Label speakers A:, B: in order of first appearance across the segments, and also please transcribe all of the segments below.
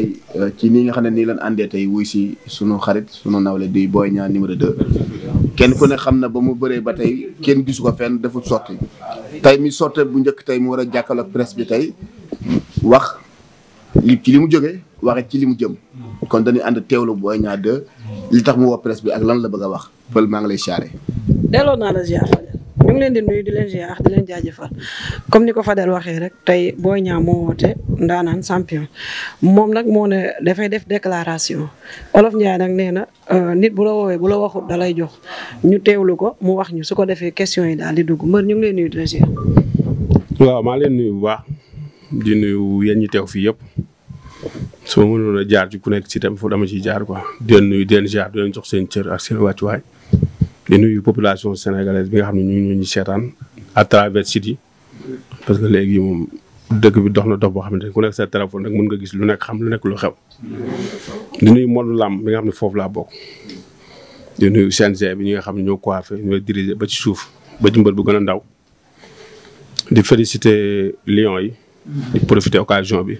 A: Euh, ci ni nga xam ne nii lan àndee tey wuy si sunu xarit sunu nawle di booy Niang numéro 2 kenn ku ne xam na ba mu bëree ba tey kenn gisu ko fenn deful sotti tey mi sotte bu njëkk tey mu war a jàkkaarloog presse bi tey wax li ci li mu jóge waxee ci li mu jëm kon dañuy ànd teewlu Boy Niang 2 li tax mu woo presse bi ak lan la bëgg a wax. Pël maa ngi lay siyaare.
B: siyaare. ñu ngi leen di
A: nuyu de leen ziar di leen jaajëfal comme ni ko Fadel waxee rek tey Boy Niang moo woote ndaanaan champion moom nag moo ne dafay def déclaration Olof Ndiaye nag nee na euh, nit bu la woowe bu la waxut da jox ñu teewlu ko mu wax ñu su ko defee question yi daal di dugg mbër ñu ngi leen nuyu di leen ziar. waaw maa leen nuyu bu baax di nuyu yéen ñi teew fii yëpp soo mënoon a jaar ci ku nekk si tam fu dama ciy jaar quoi di leen nuyu di jox seen cër ak seen wàccuwaay. di nuyu population sénégalaise bi nga xam ne ñu ngi ñu seetaan à travers parce que léegi moom dëkk bi dox na dox boo xam ne ku nekk sa téléphone rek mun nga gis lu nekk xam lu nekk lu xew. di nuyu monde làmb bi nga xam ne foofu laa bokk. di nuyu CNG bi ñi nga xam ne ñoo coiffé ñoo dirigé ba ci suuf ba ci mbër bu gën a ndaw. di féliciter Lions yi. di profiter occasion bi.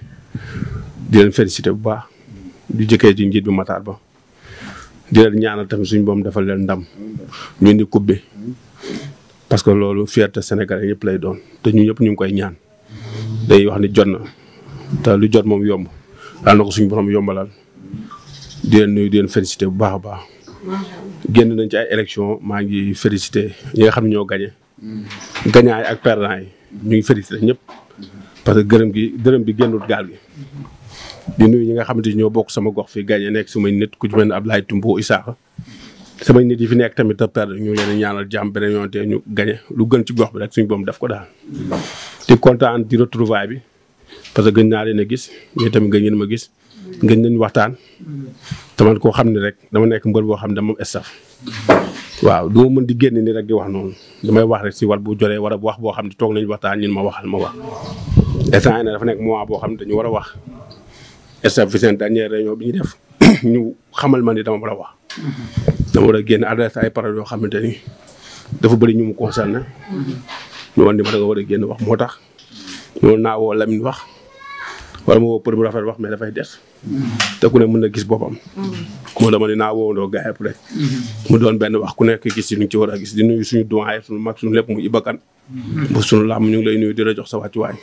A: di leen féliciter bu baax. di jëkkee ci njiit bi Matar Ba. di ñaanal tamit suñu boom defal leen ndam ñu indi coupe bi parce que loolu fierté sénégalais yëpp lay doon te ñu ñëpp ñu ngi koy ñaan day wax ni jot na te lu jot moom yomb daal na ko suñu borom yombalal di leen nuyu di leen félicité bu baax a baax. génn nañ ci ay élection maa ngi félicité ñi nga xam ne ñoo gagné. gagnant yi ak perdant yi ñu ngi félicité ñëpp parce que gërëm gi gërëm bi génnul gaal gi. di nuyu ñi nga xamante ni ñoo bokk sama gox fi gaañe nekk sumay nit ku ci mel ne Ablaye Tumbo Isaaxa samay nit yi fi nekk tamit a perdre ñu leen ñaanal jàmm beneen yoon te ñu gañe lu gën ci gox bi rek suñu boom def ko daal. di kontaan di retrouvaille bi parce que gën naa leen a gis ñun gën ngeen ma gis gën nañ waxtaan tamit koo xam ne rek dama nekk mbër boo xam ne dama estaf waaw du ma di génn nii rek di wax noonu damay wax rek si wal bu joree war a wax boo xam ne toog nañ waxtaan ñun ma waxal ma wax instant yii nekk moment boo xam ne dañu war a wax. staff bi seen dernière bi ñu def ñu xamal ma ni dama war a wax. dama war a génn adresse ay paroles yoo xamante ni dafa bari ñu mu concerné. ñu wan ni ma da war a génn wax moo tax. loolu naawoo woo Lamine wax wala moo woo pour mu rafet wax mais dafay des. te ku ne mën na gis boppam. moo dama ni naa woo ndoo mu doon benn wax ku nekk gis ci lu ñu ci war a gis di suñu doyen suñu mag suñu lépp mu ibakan bu suñu làmm ñu ngi lay nuyu di la jox sa wàccuwaay.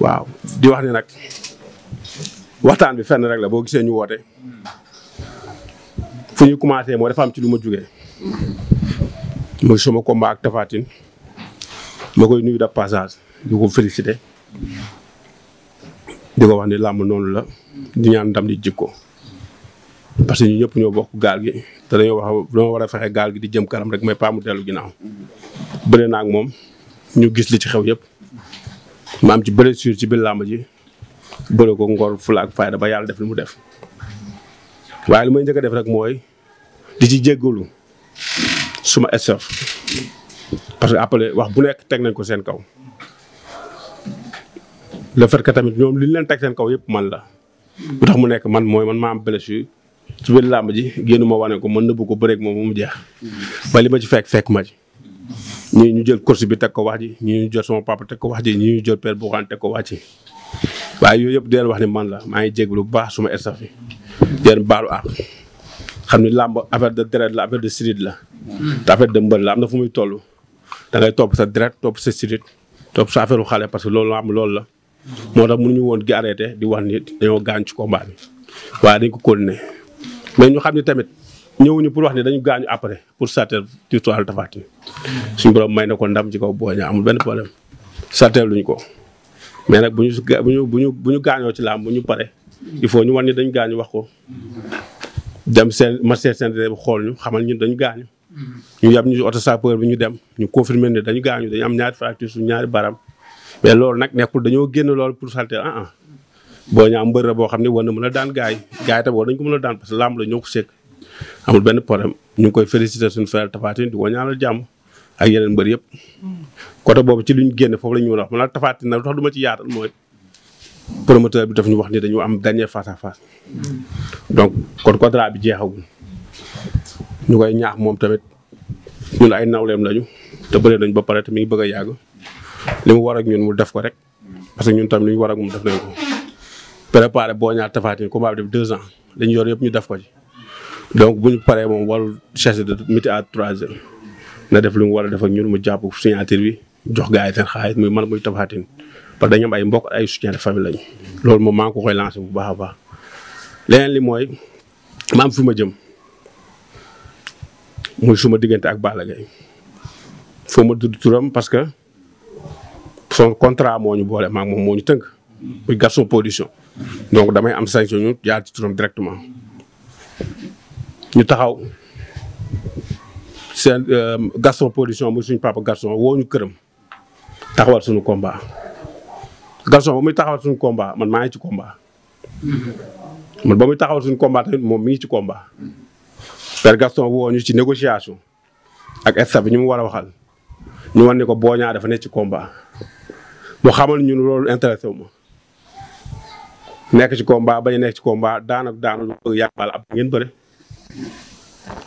A: waaw di wax ni nag. waxtaan bi fenn rek la boo gisee ñu woote fu ñu commencé moo dafa am ci lu ma jugee mooy suma combat ak Tapha Tine ma koy nuyu da passage di ko félicité di ko wax ni làmb noonu la di ñaan ndam di jikko parce que ñu ñëpp ñoo bokk gaal gi te dañoo wax dañoo war a fexe gaal gi di jëm kanam rek mais pas mu dellu ginnaaw bëre naa ak moom ñu gis li ci xew yëpp ma am ci blessure ci biir làmb ji bëre ko ngor fulaak fayda ba yàlla def li mu def waaye li may njëkk def rek mooy di ci jéggalu suma staff parce que après wax bu nekk teg nañ ko seen kaw le fait tamit ñoom li ñu leen teg seen kaw yëpp man la bu tax mu nekk man mooy man maa am blessure ci biir làmb ji génn ma wane ko mën nëbbu ko bëreeg moom mu jeex ba li ma ci fekk fekk ma ci ñii ñu jël course bi teg ko wax ji ñii ñu jël sama papa teg ko wax ji ñu jël père Bougane teg ko wax ji waaye yooyu yëpp di wax ne man la maa ngi jéglu bu baax suma estaf yi di leen baalu àq xam ni làmb affaire de deret la affaire de sirit la
B: hmm. te
A: affaire de mbër la am na fu muy toll da ngay topp sa deret topp sa sirit topp sa affaire xale parce que loolu am loolu la moo tax mënuñu woon gi arrêté di wax ni dañoo gaañ ci combat bi waaye dañ ko continuer mais ñu xam ni tamit ñëwuñu pour wax ni dañu gaañu après pour sarteel histoire Tapha Tine suñu borom may na ko ndam ci kaw booña amul benn problème sarteel luñ ko mais nag bu ñu bu ñu bu ñu bu gaañoo ci làmb bu ñu pare il faut ñu wan ni dañ gaañu wax ko dem seen marché seen bu xool ñu xamal ñun dañu gaañu ñu yab ñu oto sapeur bi ñu dem ñu confirmer ne dañu gaañu dañu am ñaari fracture su ñaari baram mais loolu nag nekkul dañoo génn loolu pour salté ah ah boo ñaa am mbër boo xam ne war na mun a daan gaañ gaay tam war nañ ko mën a daan parce que làmb la ñëw ko sekk amul benn problème ñu ngi koy féliciter suñu frère Tapha Tine di ko ñaanal jàmm ak yeneen mbër yëpp. côté boobu ci ñu génne foofu la ñu mën a wax man na lu tax du ci yaatal mooy promoteur bi daf ñu wax ni dañu am dernier face à donc kon contrat bi jeexagul ñu koy ñaax moom tamit ñun ay nawleem lañu te bëree nañ ba pare te mi ngi bëgg a yàgg li mu war ak ñun mu def ko rek parce que ñun tamit lu ñu war ak moom def nañ ko. préparé boo ñaar tafaati combat bi def deux ans lañu yor yëpp ñu def ko ci donc bu ñu paree moom warul chercher de midi à trois heures. na def lu mu war a def ak mu jàpp signature bi jox gaa yi seen xaalis muy man muy Tapha Tine parce que dañu am ay mbokk ay soutien de famille lañu. loolu moom maa ngi koy lancé bu baax a baax li mooy ma am fi ma jëm muy suma diggante ak Balla Gaye foo ma dudd turam parce que son contrat moo ñu boole maag moom moo ñu tënk muy Gaston Production donc damay am sanction ñu turam directement ñu taxaw seen euh, Gaston production muy suñu papa Gaston woo ñu këram taxawal suñu komba Gaston ba muy taxawal suñu combat man maa ngi ci combat.
B: Mm-hmm.
A: man ba muy taxawal suñu combat mi ngi ci combat. père Gaston woo ñu ak staff bi ñu mu war a waxal ñu wan ne ko Boña dafa nekk ci komba mu xamal ñun loolu intéressé wu ma. nekk ci combat bañ a nekk ci komba daan ak daanu yàqal ab ngeen bëre.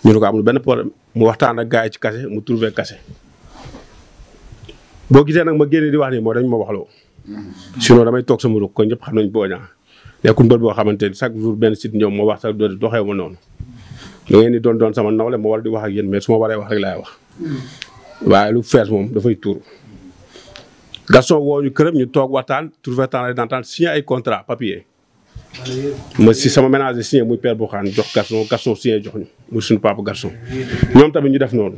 A: ñu ne ko amul benn problème mu waxtaan a gars yi ci kase mu trouvé cachet boo gisee nag ma génne di wax nii moo dañ ma wax loo. sinon damay toog sama rukk ko ñëpp xam nañ boo ñaax nekkul mbër boo xamante ni chaque jour benn site ñoom ma wax sax doxee ma noonu. da ngeen di doon doon sama nawle ma war di wax ak yéen mais su ma waree wax rek laay wax. waaye lu fees moom dafay tuur. Gaston woo ñu këram ñu toog waxtaan trouvé temps d'entente signé ay contrat papier. ma si sama ménage signé muy père Bokhane jox garçon garçon signé jox ñu muy suñu papa garçon ñoom tamit ñu def noonu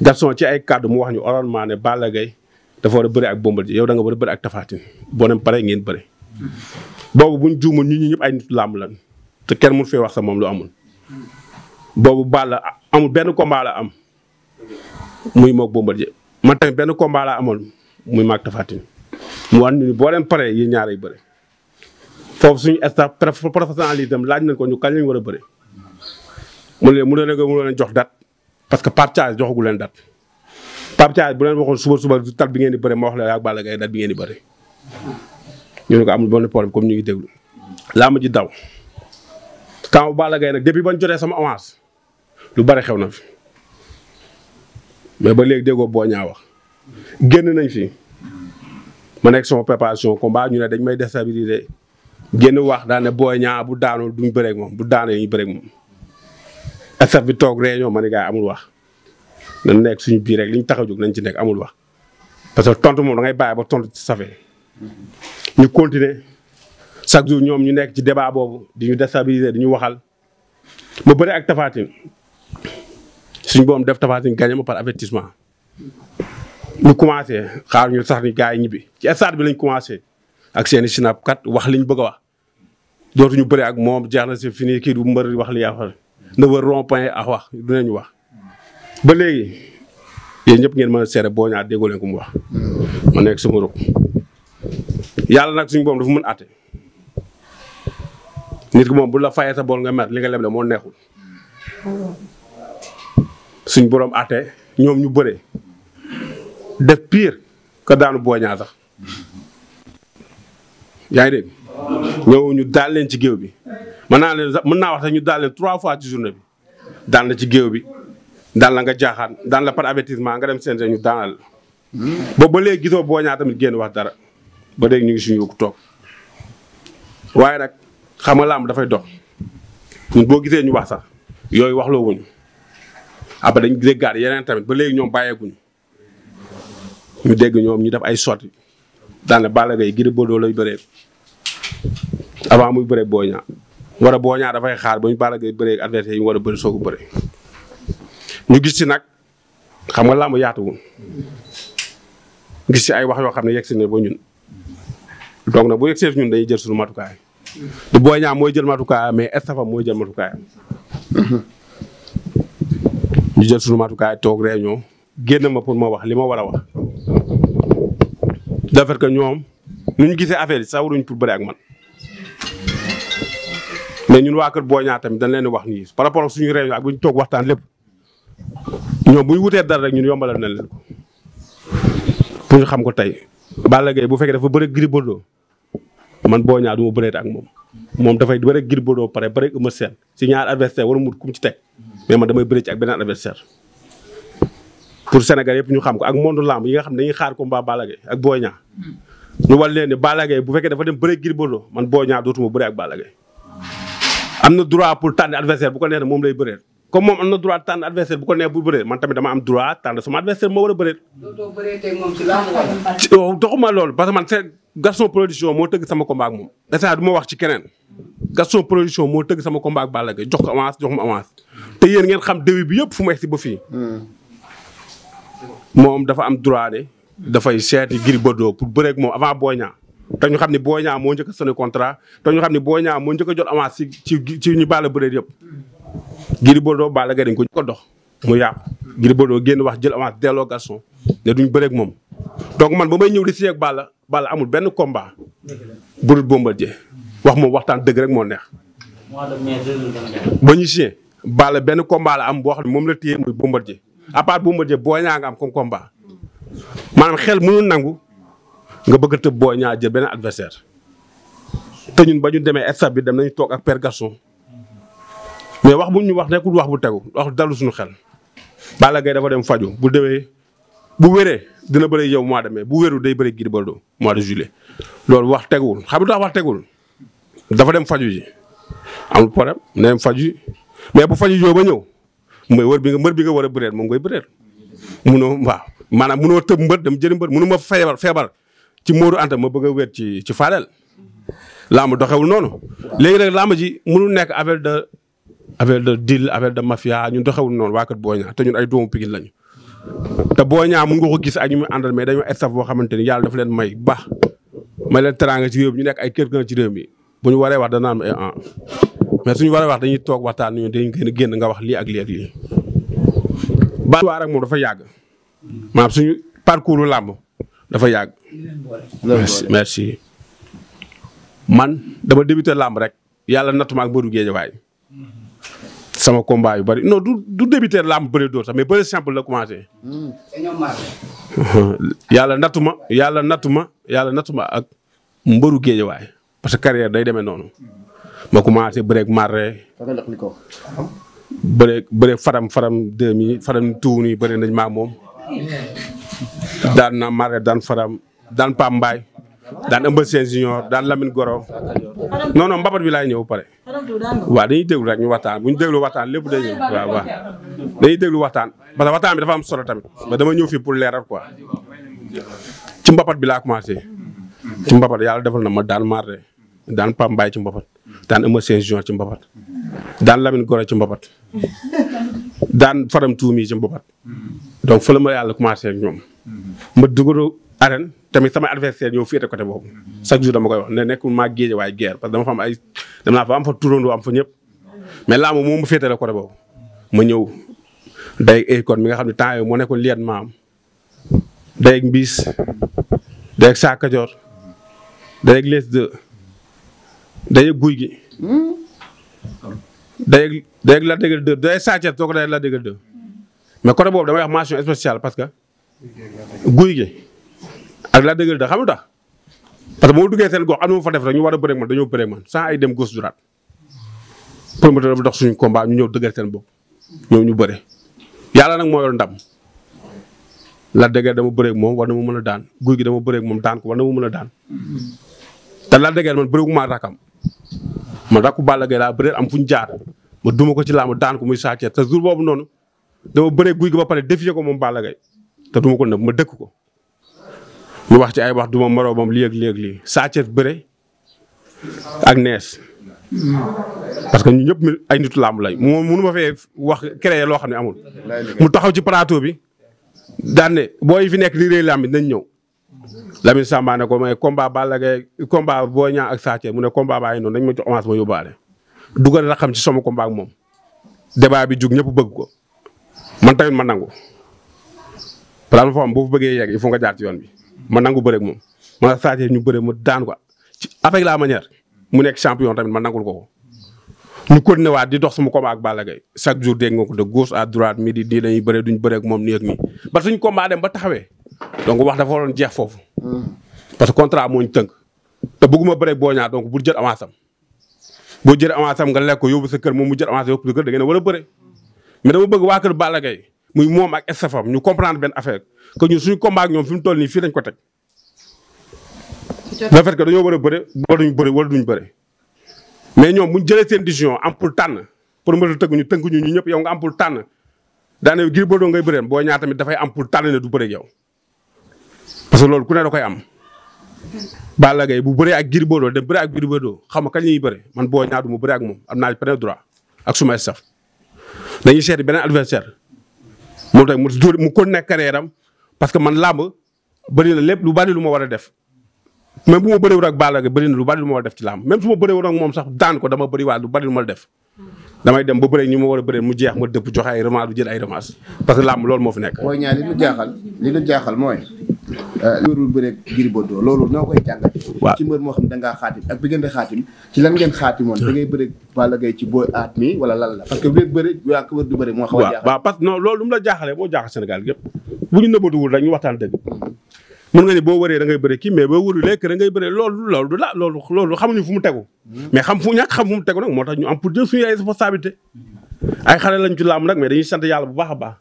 A: garçon ci ay kàddu mu wax ñu oralement ne Balla gay dafa war a bëri ak Bombardier yow da nga war a bëri ak Tapha Tine boo dem pare ngeen bëri boobu buñ juumul ñun ñi ñëpp te kenn mun fee wax sa moom lu amul boobu Balla amul benn combat am muy moog Bombardier tamit benn combat la amoon muy maag Tapha mu wax ñu boo leen pare yi ñaar ay bëri foofu suñu staff professionnalisme laaj nañ ko ñu kañ lañ war a bëre mu ne mu ne rek mu leen jox date parce que Pape Thialis joxagu leen date Pape bu leen waxoon suba suba tat bi ngeen di bëre ma wax la yaa Balla Gaye date bi ngeen di ñu ne ko amul benn problème comme ñu ngi déglu laa ma ji daw quand bala Gaye nag depuis bañ jotee sama avance lu bari xew na fi mais ba léegi déggoo boo ñaa wax génn nañ fi ma nekk sama préparation combat ñu ne dañ may déstabiliser génn waax daane ne booy ñaa bu daanoo duñ bëreeg moom bu daanoo ñu bëreeg moom. estaf bi toog réunion ma ni gars amul wax nañ nekk suñu biir rek li ñu jóg nañ ci nekk amul wax parce que tontu moom da ngay bàyyi ba tontu ci safee ñu continuer chaque jour ñoom ñu nekk ci débat boobu di ñu déstabiliser di ñu waxal ma bëri ak Tapha suñ boom def Tapha Tine gagné ma par avertissement. ñu commencé xaar ñu sax ni gars yi ñibbi ci stade bi lañ commencé. ak seen i snapkat wax liñ bëgg a wax ñu bëri ak moom jeex na si fini kii du mbër wax li yaafar na wër rond point ak wax dinañ wax ba léegi yéen ñëpp ngeen mën a seere boo ñaar déggoo leen ko mu wax ma nekk sama rok yàlla nag suñu boom dafa mën àtte nit ki moom bu la fayee sa bool nga mer li nga leble moo neexul suñ borom àtte ñoom ñu bëree def pire ka daanu booñaa sax yaa ngi dégg ñu daal leen ci géew bi mën naa leen mën naa wax sax ñu daal leen trois fois ci journée bi daan la ci géew bi daan la nga jaaxaan daan la par avertissement nga dem CNG ñu daanal boobu ba léegi gisoo boo ñaa tamit génn wax dara ba léegi ñu ngi suñu toog waaye nag xam nga làmb dafay dox ñun boo gisee ñu wax sax yooyu wax loo wuñu après dañu déggaat yeneen tamit ba léegi ñoom bàyyeekuñu ñu dégg ñoom ñu def ay sotti daane Balla Gaye Gris Bordeaux lay bëree avant muy bëree Boy Niang war a Boy Niang dafay xaar ba ñu Balla Gaye bëree adversaire yi war a bëri soo a bëri ñu gis ci nag xam nga làmb yaatu gis ci ay wax yoo xam ne yegg si ne ba ñun donc nag bu yegsee ñun dañuy jël suñu matukaay du Boy mooy jël matukaayam mais estafam mooy jël matukaayam mhm. ñu jël suñu matukaay toog réunion génn ma pour ma wax li ma war a wax dafa que ñoom nu ñu gisee affaire yi sax waruñ pour bëri ak man mais ñun waa kër Boy Niang tamit dañ leen wax nii par rapport ak suñu réunion ak bu ñu toog waxtaan lépp ñoom bu ñu wutee dara rek ñun yombalal nañ leen ko pour ñu xam ko tey. Balla Gaye bu fekkee dafa bëri Gris Bordeaux man Boy Niang du bëreet ak moom moom dafay bëri Gris Bordeaux pare bëri Eumeu Sène si ñaar adversaire wala mu kum ci teg mais man damay bëri ci ak beneen adversaire pour Sénégal yëpp ñu xam ko ak monde lamb yi nga xam ne dañuy xaar combat Balla ak Boy Niang ñu wal leen ne Balla Gaye bu fekkee dafa dem bëre Gris Bordeaux man Boy Niang dootuma bëre ak Balla Gaye am na droit pour tànn adversaire bu ko neex moom lay bëreel comme moom am na droit tànn adversaire bu ko neex bu bëreel man tamit dama am droit tànn sama adversaire moo war a bëreel. dootoo doxuma loolu parce que man c'est Gaston production moo tëgg sama combat ak moom. instant du wax ci keneen Gaston production moo tëgg sama combat ak jox avance jox ma avance te yéen ngeen xam début bi yëpp fu mu egsi fii hmm. moom dafa am droit de dafay seeti Gris Bordeaux pour bëreek moom avant Boy Niang te ñu xam ne Boy Niang moo njëkk a contrat te ñu xam ne Boy Niang moo njëkk a jot avance ci ci ci ñu Balla bëreet yëpp. Gris Bordeaux Balla Gaye dañ ko ko dox mu yàqu. Gris Bordeaux génn wax jël avance delloo Gaston ne duñ bëreeg moom donc man ba may ñëw di si yeeg Balla amul benn combat. bu dul Bombardier wax moom waxtaan dëgg rek moo neex. ba ñu si Balla benn combat la am boo xam ne moom la téye muy Bombardier à part Bombardier Boy Niang nga am comme combat maanaam xel mënul nangu nga bëgg tëb Boy Niang jël benn adversaire te ñun ba ñu demee stade bi dem nañu toog ak Père Gaston mais wax bu ñu wax nekkul wax bu tegu wax dalu suñu xel. bala Gaye dafa dem faju bu demee bu wéree dina bëri yow mois de mai bu wéru day bëri Gris mois de juillet loolu wax teguwul xam nga wax teguwul dafa dem faju ji amul problème na dem faju mais bu faju joo ba ñëw. mooy war bi nga mbër bi nga war a bëreel moom ngay bëreel munoo waaw maanaam munoo tëb mbër dem jëli mbër munu ma feebar feebar ci Moodu Anta ma bëgg a wéet ci ci Fadel làmb doxewul noonu léegi nag làmb ji mënul nekk affaire de affaire de deal affaire de mafia ñun doxewul noonu waa kër Boy te ñun ay doomu Pikine lañu te Boy Niang mu nga ko gis ak ñu muy àndal mais dañoo staff boo xamante ni yàlla dafa leen may baax may leen teraanga ci réew ñu nekk ay kër ci réew mi bu ñu waree wax danaan am mais suñu war a wax dañuy toog waxtaan ñu dañuy génn nga wax lii ak lii ak lii. ba waar ak moom dafa yàgg maanaam suñu parcours làmb dafa yàgg. merci man dama débuté làmb rek yàlla natuma ak mbëru géejawaay sama combat yu bari non du du làmb bëri dóor sax mais bëri simple la commencé. yàlla natuma yàlla natuma yàlla natuma ak mbëru waay parce que carrière day demee noonu. ma commencé bëreeg marre. bëreeg bëreeg faram faram deux mille faram tuuni bëri nañ maag moom. daan na marre daan faram daan Pam Mbaay daan Eumeu Sène Junior daan lamin Goro. non non mbapat bi laay ñëw pare. waaw dañuy déglu rek ñu waxtaan bu ñu déglu waxtaan lépp day ñëw waaw dañuy déglu waxtaan parce que waxtaan bi dafa solo tamit ba dama ñëw fii pour leeral quoi. ci mbapat bi laa commencé. ci mbapat yàlla defal na ma daan marre. daan Pam Mbaye ci mbapat daan Eumeu Sène Junior ci mbapat daan Lamine Gora ci mbapat daan Faram Tuumi ci mbapat donc fa la ma yàlla commencé ak ñoom ma dugaru arène tamit sama adversaire ñëw féete côté boobu chaque jour dama koy wax ne nekkul maa géeje waaye guerre parce que dama fa am ay dem naa fa am fa turandoo am fa ñëpp mais laa moom moom ma féetale côté boobu ma ñëw day école mi nga xam ne temps yooyu moo nekkoon liet ma am day ak mbiis day saakajoor day ak day guy gi. Hmm? day day la dëgër dë day sàcceet soo ko day la dëgër dë mais côté boobu damay wax mention spéciale parce que guy gi ak la dëgër dë xam nga tax parce que boo duggee seen gox am na mu fa def rek ñu war a bëreeg man dañoo bëreeg man sans ay dem gauche droite promoteur dafa dox suñu combat ñu ñëw dëgër seen ñu bëre yàlla nag moo yor ndam. la de Guiers dama moom war na mu mën a daan guy gi dama bëreeg moom daan ko war mu mën a daan hmm. te Lac de Guiers man ma rakku Balla Gaye laa bëre am fu ñu jaar ma duma ko ci laa ma daan ko muy Sa Thiès te jour boobu noonu dama bëree guy gi ba pare défier ko moom Balla Gaye te duma ko nëb ma dëkk ko. ñu wax ci ay wax duma moroomam lii ak lii ak li Sa Thiès bëre ak nees parce que ñu ñëpp ay nitu làmb lañ moom mënu ma fee wax créer loo xam ne amul. mu taxaw ci plateau bi daan ne fi nekk li réy làmb bi nañ ñëw. Lamine Samba ne ko mais combat bala Gaye combat Boy Niang ak Sa mu ne combat baa ngi noonu dañ ma jox avance ma yóbbaale. dugal raxam ci sama kombaak moom débat bi jug ñëpp bëgg ko man tamit ma nangu plan foo am boo fa bëggee il faut nga jaar ci yoon bi ma nangu bëreeg moom ma Sa Thiès ñu bëre ma daan ko ci avec la mu nekk champion tamit man nangul ko ko. ñu continué waat di dox sama combat ak Balla Gaye chaque jour dégg nga ko de gauche à droite midi nii dañuy bëree duñ bëreeg moom nii ak nii ba suñ combat dem ba taxawee. donc wax dafa waroon jeex foofu. parce que contrat moo ñu tënk. te bëgguma bëre Boy Niang donc bu jël avance am boo jël avance nga lekk ko yóbbu sa kër moom mu jël avance yóbbu sa kër da ngeen a war a bëre mais dama bëgg waa kër Balla Gaye muy moom ak estafam ñu comprendre benn affaire que ñun suñu combat ak ñoom fi mu fii lañ ko teg. le fait que dañoo war a bëre wala duñ bëre wala duñ bëre mais ñoom bu ñu jëlee seen décision am pour tànn pour mën a tëgg ñu tënk ñu ñëpp yow nga am pour tànn daanaka Gris Bordeaux ngay bëreen Boy Niang tamit dafay am pour tànn ne du bëre yow parce que loolu ku ne da koy am. Balla Gaye bu bëree ak Gris Bordeaux dem bëree ak Gris Bordeaux xam nga kañ la ñuy man boo ñaar du ma bëree ak moom am naa plein droit ak suma staff dañuy seeti beneen adversaire moom tamit mu dóor mu continuer carrière am parce que man làmb bëri na lu bari lu ma def. même bu ma bëriwul lu bari lu ma def ci làmb même su ma bëriwul moom sax daan ko dama bëri waa lu bari lu ma def. damay dem ba bëri ñu ma war a bëri mu jeex ma dëpp joxe ay revanche du jël ay revanche parce que làmb lool moo fi nekk. mooy ñaar li ñu jaaxal li ñu jaaxal mooy wérul euh, bëreeg Gris Bordeaux loolu noo xam ne da ngaa xaatim ak bi ngeen di xaatim ci lan ngeen xaatimoon da ngay bëreeg Balla Gaye ci booy aat du bëri a jaaxal waaw parce que non nga ne boo wëree da ngay kii mais boo wëru lekk da ngay bëri loolu loolu la loolu loolu xamuñu fu mu tegu hmm. mais xam fu ñàkk xam fu mu tegu nag moo tax ñu am pour jël suñu ay responsabilité ay xale lañ ci làmb nag mais dañuy sant yàlla bu baax a baax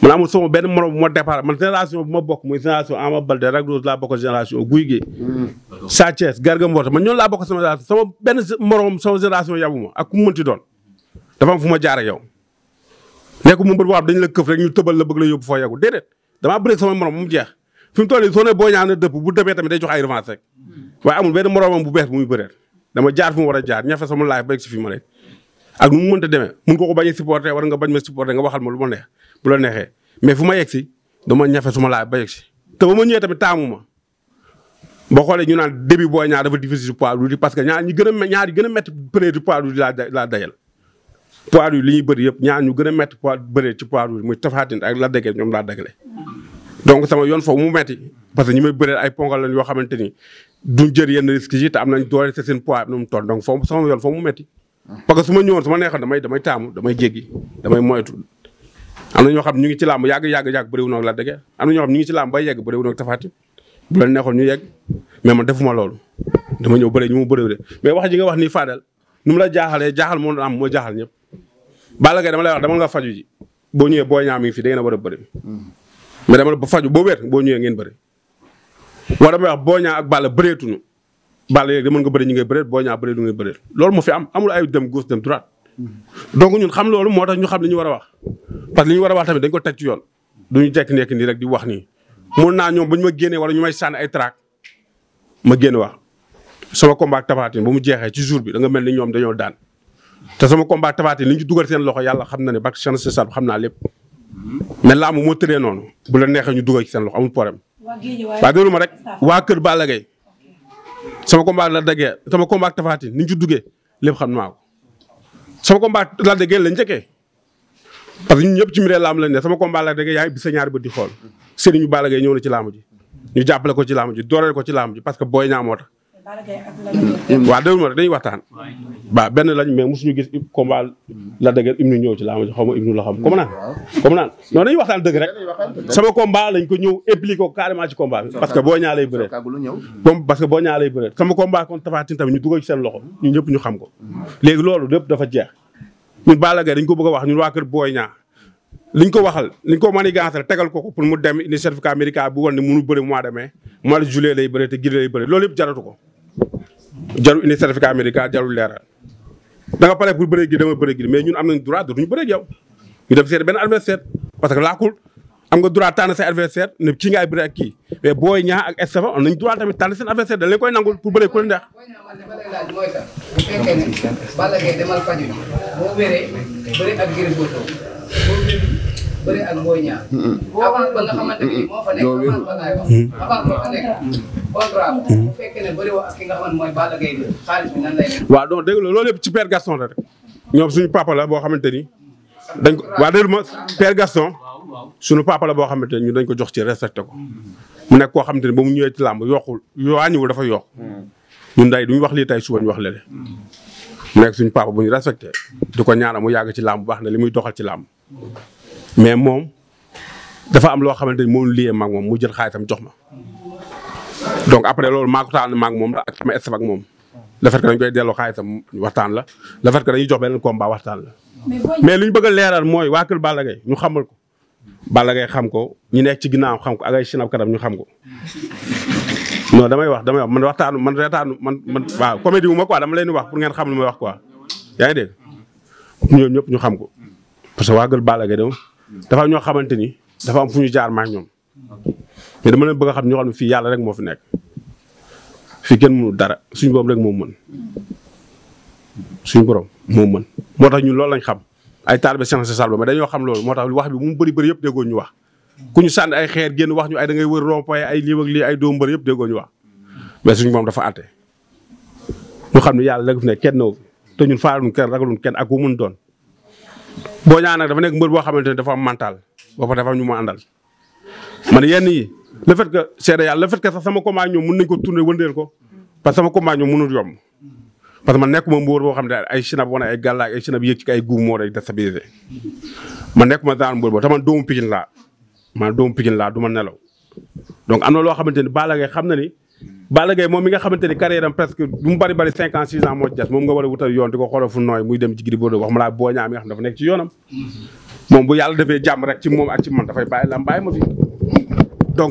A: man amul sama benn morom bu ma départ man génération bokk muy génération Ama Balde Lac Rose laa bokk génération Gouye Gui. Mm. Sa Thiès Garga Mbossé man bokk sama génération sama benn morom sama génération yabu ma ak ku mu mënti doon dafa yow. nekk mu mbër boo xam la këf rek ñu tëbal la bëgg la yóbbu foo yeggu déedéet sama morom mu jeex fi mu toll nii soo ne boo ñaan dëpp bu dëppee tamit day jox ay rek mm. waaye amul benn bu bees muy bëreet dama jaar fu war a jaar ñafe sama laaj ba egg ma ne ak mu mënta demee mun ko ko bañ a supporté war nga bañ ma supporté nga waxal ma lu ma neex bu la neexee mais fu ma yegg si dama ñafe suma laa laaj ba yegg si te ba ma ñëwee tamit taamu ma boo xoolee ñu naan début booy ñaar dafa difficile poids lourd parce que ñaar ñi gën a ñaar yi gën bëri yëpp ñaar ñu gën a métti poids bëree ci poids lourd muy Tapha Tine ak de Guiers ñoom laa dagale. donc sama yoon foofu mu metti parce que ñi may bëree ay ponkal lañ yoo xamante ni duñ jël yenn risques yi te am nañ doole te seen poids am na mu toll donc foofu sama yoon foofu mu metti parce que su ma ñëwoon su damay taamu am na ñoo xam ñu ngi ci làmb yàgg yàgg yàgg bëriwul ak Lac de Guiers am na ñoo xam ñu ngi ci làmb bay yegg bëriwul ak Tapha Tine bu leen neexoon ñu yegg mais man defuma loolu dama ñëw bëri ñu mu bëri mais wax ji nga wax nii Fadel nu mu la jaaxalee jaaxal moo am moo jaaxal ñëpp Balla Gaye dama lay wax dama nga faju boo ñëwee boo ñaam mi ngi fi da ngeen a war a bëri hmm. mais dama la faju boo boo ñëwee ngeen bëri war dama wax boo ñaa ak Balla bëreetuñu Balla yeeg da mën nga bëri boo ñaa bëreetu loolu moo fi am amul ay dem gauche dem droite donc ñun xam loolu moo tax ñu xam li ñu war a wax parce que li ñu war a wax tamit dañ ko teg ci yoon duñu jekki nekk nii rek di wax nii mun naa ñoom bu ñu ma génnee wala ñu may sànni ay traak ma génn wax sama combat tabaatine mu jeexee ci jour bi da nga mel ni ñoom dañoo daan te sama combat li ñu ci dugal seen loxo yàlla xam na ne bak seen sesar xam naa lépp mais làmb moo tëree noonu bu la neexee ñu dugal ci seen loxo amul problème
B: waaye
A: ma rek waa kër Balla Gaye sama combat la daggee sama combat tabaatine ni ci duggee lépp xam naa sama combat Lac de Guiers la njëkkee parce que ñun ñëpp ci mbiri làmb lañ ne sama combat Lac de Guiers yaay bi sa ñaari bët di xool Serigne Balla Gaye ci làmb ñu jàppale ko ci làmb ji ko ci làmb parce que booy ñaa waaw déglu ma rek dañuy waxtaan. ba benn lañ mais mosuñu gis combat la dëgër ibnu ñëw ci laa ma xaw ma ibnu la xam. comme naan comme naan non ko ñëw impliqué ko carrément ci combat bi. parce que boo boo ñaa lay bëree sama combat contre Tapha Tine tamit ñu dugal ci seen loxo ko. léegi loolu lépp dafa jeex ñun Balla Gaye dañ ko bëgg a wax ñun waa kër Boy Niang liñ ko waxal liñ ko manigancé tegal ko ko pour mu dem indi certificat médical bu woon ne mënu mois de mai mois de juillet lay bëri te juillet lay bëri loolu yëpp jaratu ko jarul indi certificat médical jarul leeral da nga pare pour bëre gi dama bëre gi mais ñun am nañ droit ñu bëre ak yow ñu def seet benn adversaire parce que laakul am nga droit tànn sa adversaire ne kii ngaay bëre ak kii mais booy ñaa ak estafan am koy nangul pour bëre ku leen bëri ak waaw donc dégg nga loolu yëpp ci Père Gaston la rek ñoom suñu papa la boo xamante ni dañ ko waaw ma Père Gaston suñu boo xamante ni ñu dañ ko jox ci respecté ko mu nekk koo xamante ni ba mu ñëwee ci làmb yokkul wàññiwul dafa yokk ñun day duñu wax lii tey suba ñu wax lële mu nekk suñu papa bu ñu respecté di ko ñaanal mu yàgg ci làmb baax na li muy doxal ci làmb mais moom dafa am loo xamante ni moom liyee maag moom mu jël xaalisam jox ma donc après loolu maa ko taan moom la ak sama estaf ak moom le fait que dañ koy delloo xaalisam waxtaan la le fait que dañuy jox beneen combat waxtaan la. mais li ñu bëgg a leeral mooy waa kër Balla Gaye ñu xamal ko. Balla Gaye xam ko ñu nekk ci ginnaaw xam ko ak ay sinab kanam ñu xam ko non damay wax damay wax man waxtaanu man reetaanu man man waaw comédie wu ma quoi dama leen di wax pour ngeen xam lu may wax quoi yaa ngi dégg ñoom ñëpp ñu xam ko parce que waa kër Balla Gaye dafa am ñoo xamante ni dafa am fu ñu jaar ma ak ñoom mais dama leen bëgg a xam ñoo xam ne fii yàlla rek moo fi nekk fii kenn mënu dara suñu borom rek moom mën suñu borom moo mën moo tax ñun loolu lañ xam ay taalibe Cheikh Issa Sall ba mais dañoo xam loolu moo tax wax bi mu bëri bëri yëpp déggoo ñu wax ku ñu sànni ay xeer génn wax ñu ay da ngay wër rond-point ay lii ak lii ay dóom bëri yëpp déggoo ñu wax mais suñu moom dafa àtte ñu xam ni yàlla rek fi nekk kenn te ñun faaraluñ kenn ragaluñ kenn ak ku mun doon Boy Niang nag dafa nekk mbër boo xamante ne boo fa dafa am ñu mu àndal man yenn yi le fait que seede yàlla le fait que sax sama combat ñoom mën nañ ko tourner wëndeel ko parce que sama combat ñoom mënul yomb boo xam ne ay sinab wane ay gàllaaj ay sinab yëg ci ay guub moo rek déstabilisé man nekkuma daan mbër boo te man doomu Pikine laa man doomu Pikine laa du ma nelaw donc am na loo xamante ni Balla Gaye xam na ni Balla Gaye moom mi nga xamante ni carrière am presque du mu bari bari cinq ans six ans moo ci des moom nga war a wutal yoon di ko fu nooy muy dem ci Gris wax ma laa Boy Niang mi nga xam dafa nekk ci yoonam moom bu yàlla defee jàmm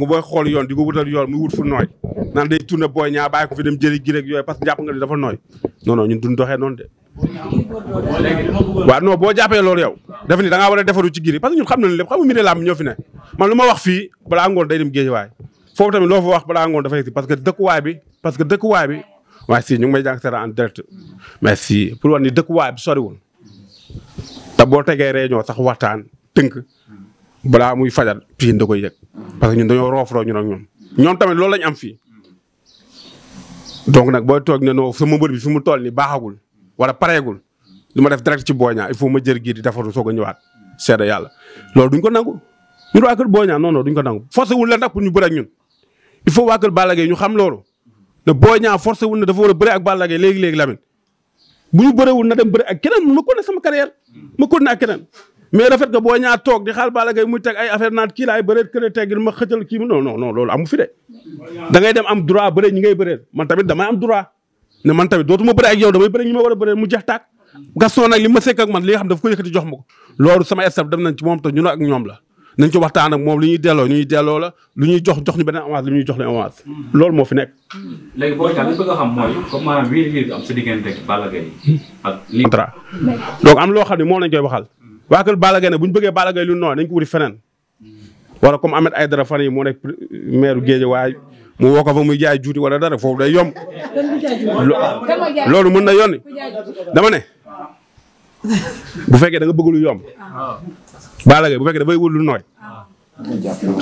A: booy xool yoon di ko wutal yoon muy wut fu nooy naan day tourné Boy Niang bàyyi ko fi dem jëli Gris ak yooyu parce nga ni dafa nooy non ñun duñ doxee de waaw non boo jàppee loolu yow dafa ni da ngaa war a defaru ci Gris parce que ñun xam nañ lépp xam nga mi ne làmb ñoo fi ne man lu ma wax fii balaa ngoon day dem géej waay foofu tamit loo fa wax balaa ngoon dafa yegg parce que dëkkuwaay bi parce que dëkkuwaay bi waaye si ñu ngi may jàng seetaan en direct mais si pour wax ni dëkkuwaay bi soriwul te boo tegee réunion sax waxtaan tënk balaa muy fajal Pikine da koy yëg parce que ñun dañoo roofroo ñu ak ñoom ñoom tamit loolu lañ am fii. donc nag booy toog ne noo sama mbër bi fi mu toll ni baaxagul wala pareegul li ma def direct ci booñaa il faut ma jër gii di defaru soog a ñëwaat seede yàlla loolu duñ ko nangu ñun waa kër booñaa non ko nangu forcé wul leen ñu ñun. il faut waa kër Balla Gaye ñu xam loolu ne Boy Niang forcé wul na dafa war a bëre ak Balla Gaye léegi léegi Lamine bu ñu bëre wul na dem bëre ak keneen ma continuer sama carrière ma continuer ak keneen mais rafet nga Boy Niang toog di xaal Balla Gaye muy teg ay affaire naan kii laay bëreet kër teggil ma xëcal kii non non non loolu amu fi de da ngay dem am droit bëre ñi ngay bëreel man tamit damay am droit ne man tamit dootuma bëre ak yow damay bëre ñi ma war a bëreel mu jeex taag Gaston nag li ma sekk ak man li nga xam dafa ko yëkkati jox ma ko loolu sama staff dem nañ ci moom te ñun ak ñoom la nañ ci waxtaan ak moom lu ñuy delloo lu ñuy la lu ñuy jox jox ñu beneen awaat lu ñuy jox leen avance. Hmm. loolu moo fi nekk. Hmm. am sa diggante ak Balla hmm. donc am loo xam ne moom lañ koy waxal. waa kër Balla nag bu ñu bëggee Balla Gaye lu nooy nañ ko di feneen. wala comme Ahmed Aïdara fan yi moo nekk maire Guédiawaye mu woo ko fa muy jaay juuti wala dara foofu day yomb.
B: loolu mën na yónni dama ne
A: bu fekkee da nga bëgg lu yomb ah. Balla Gaye bu fekkee dafay wër lu nooy.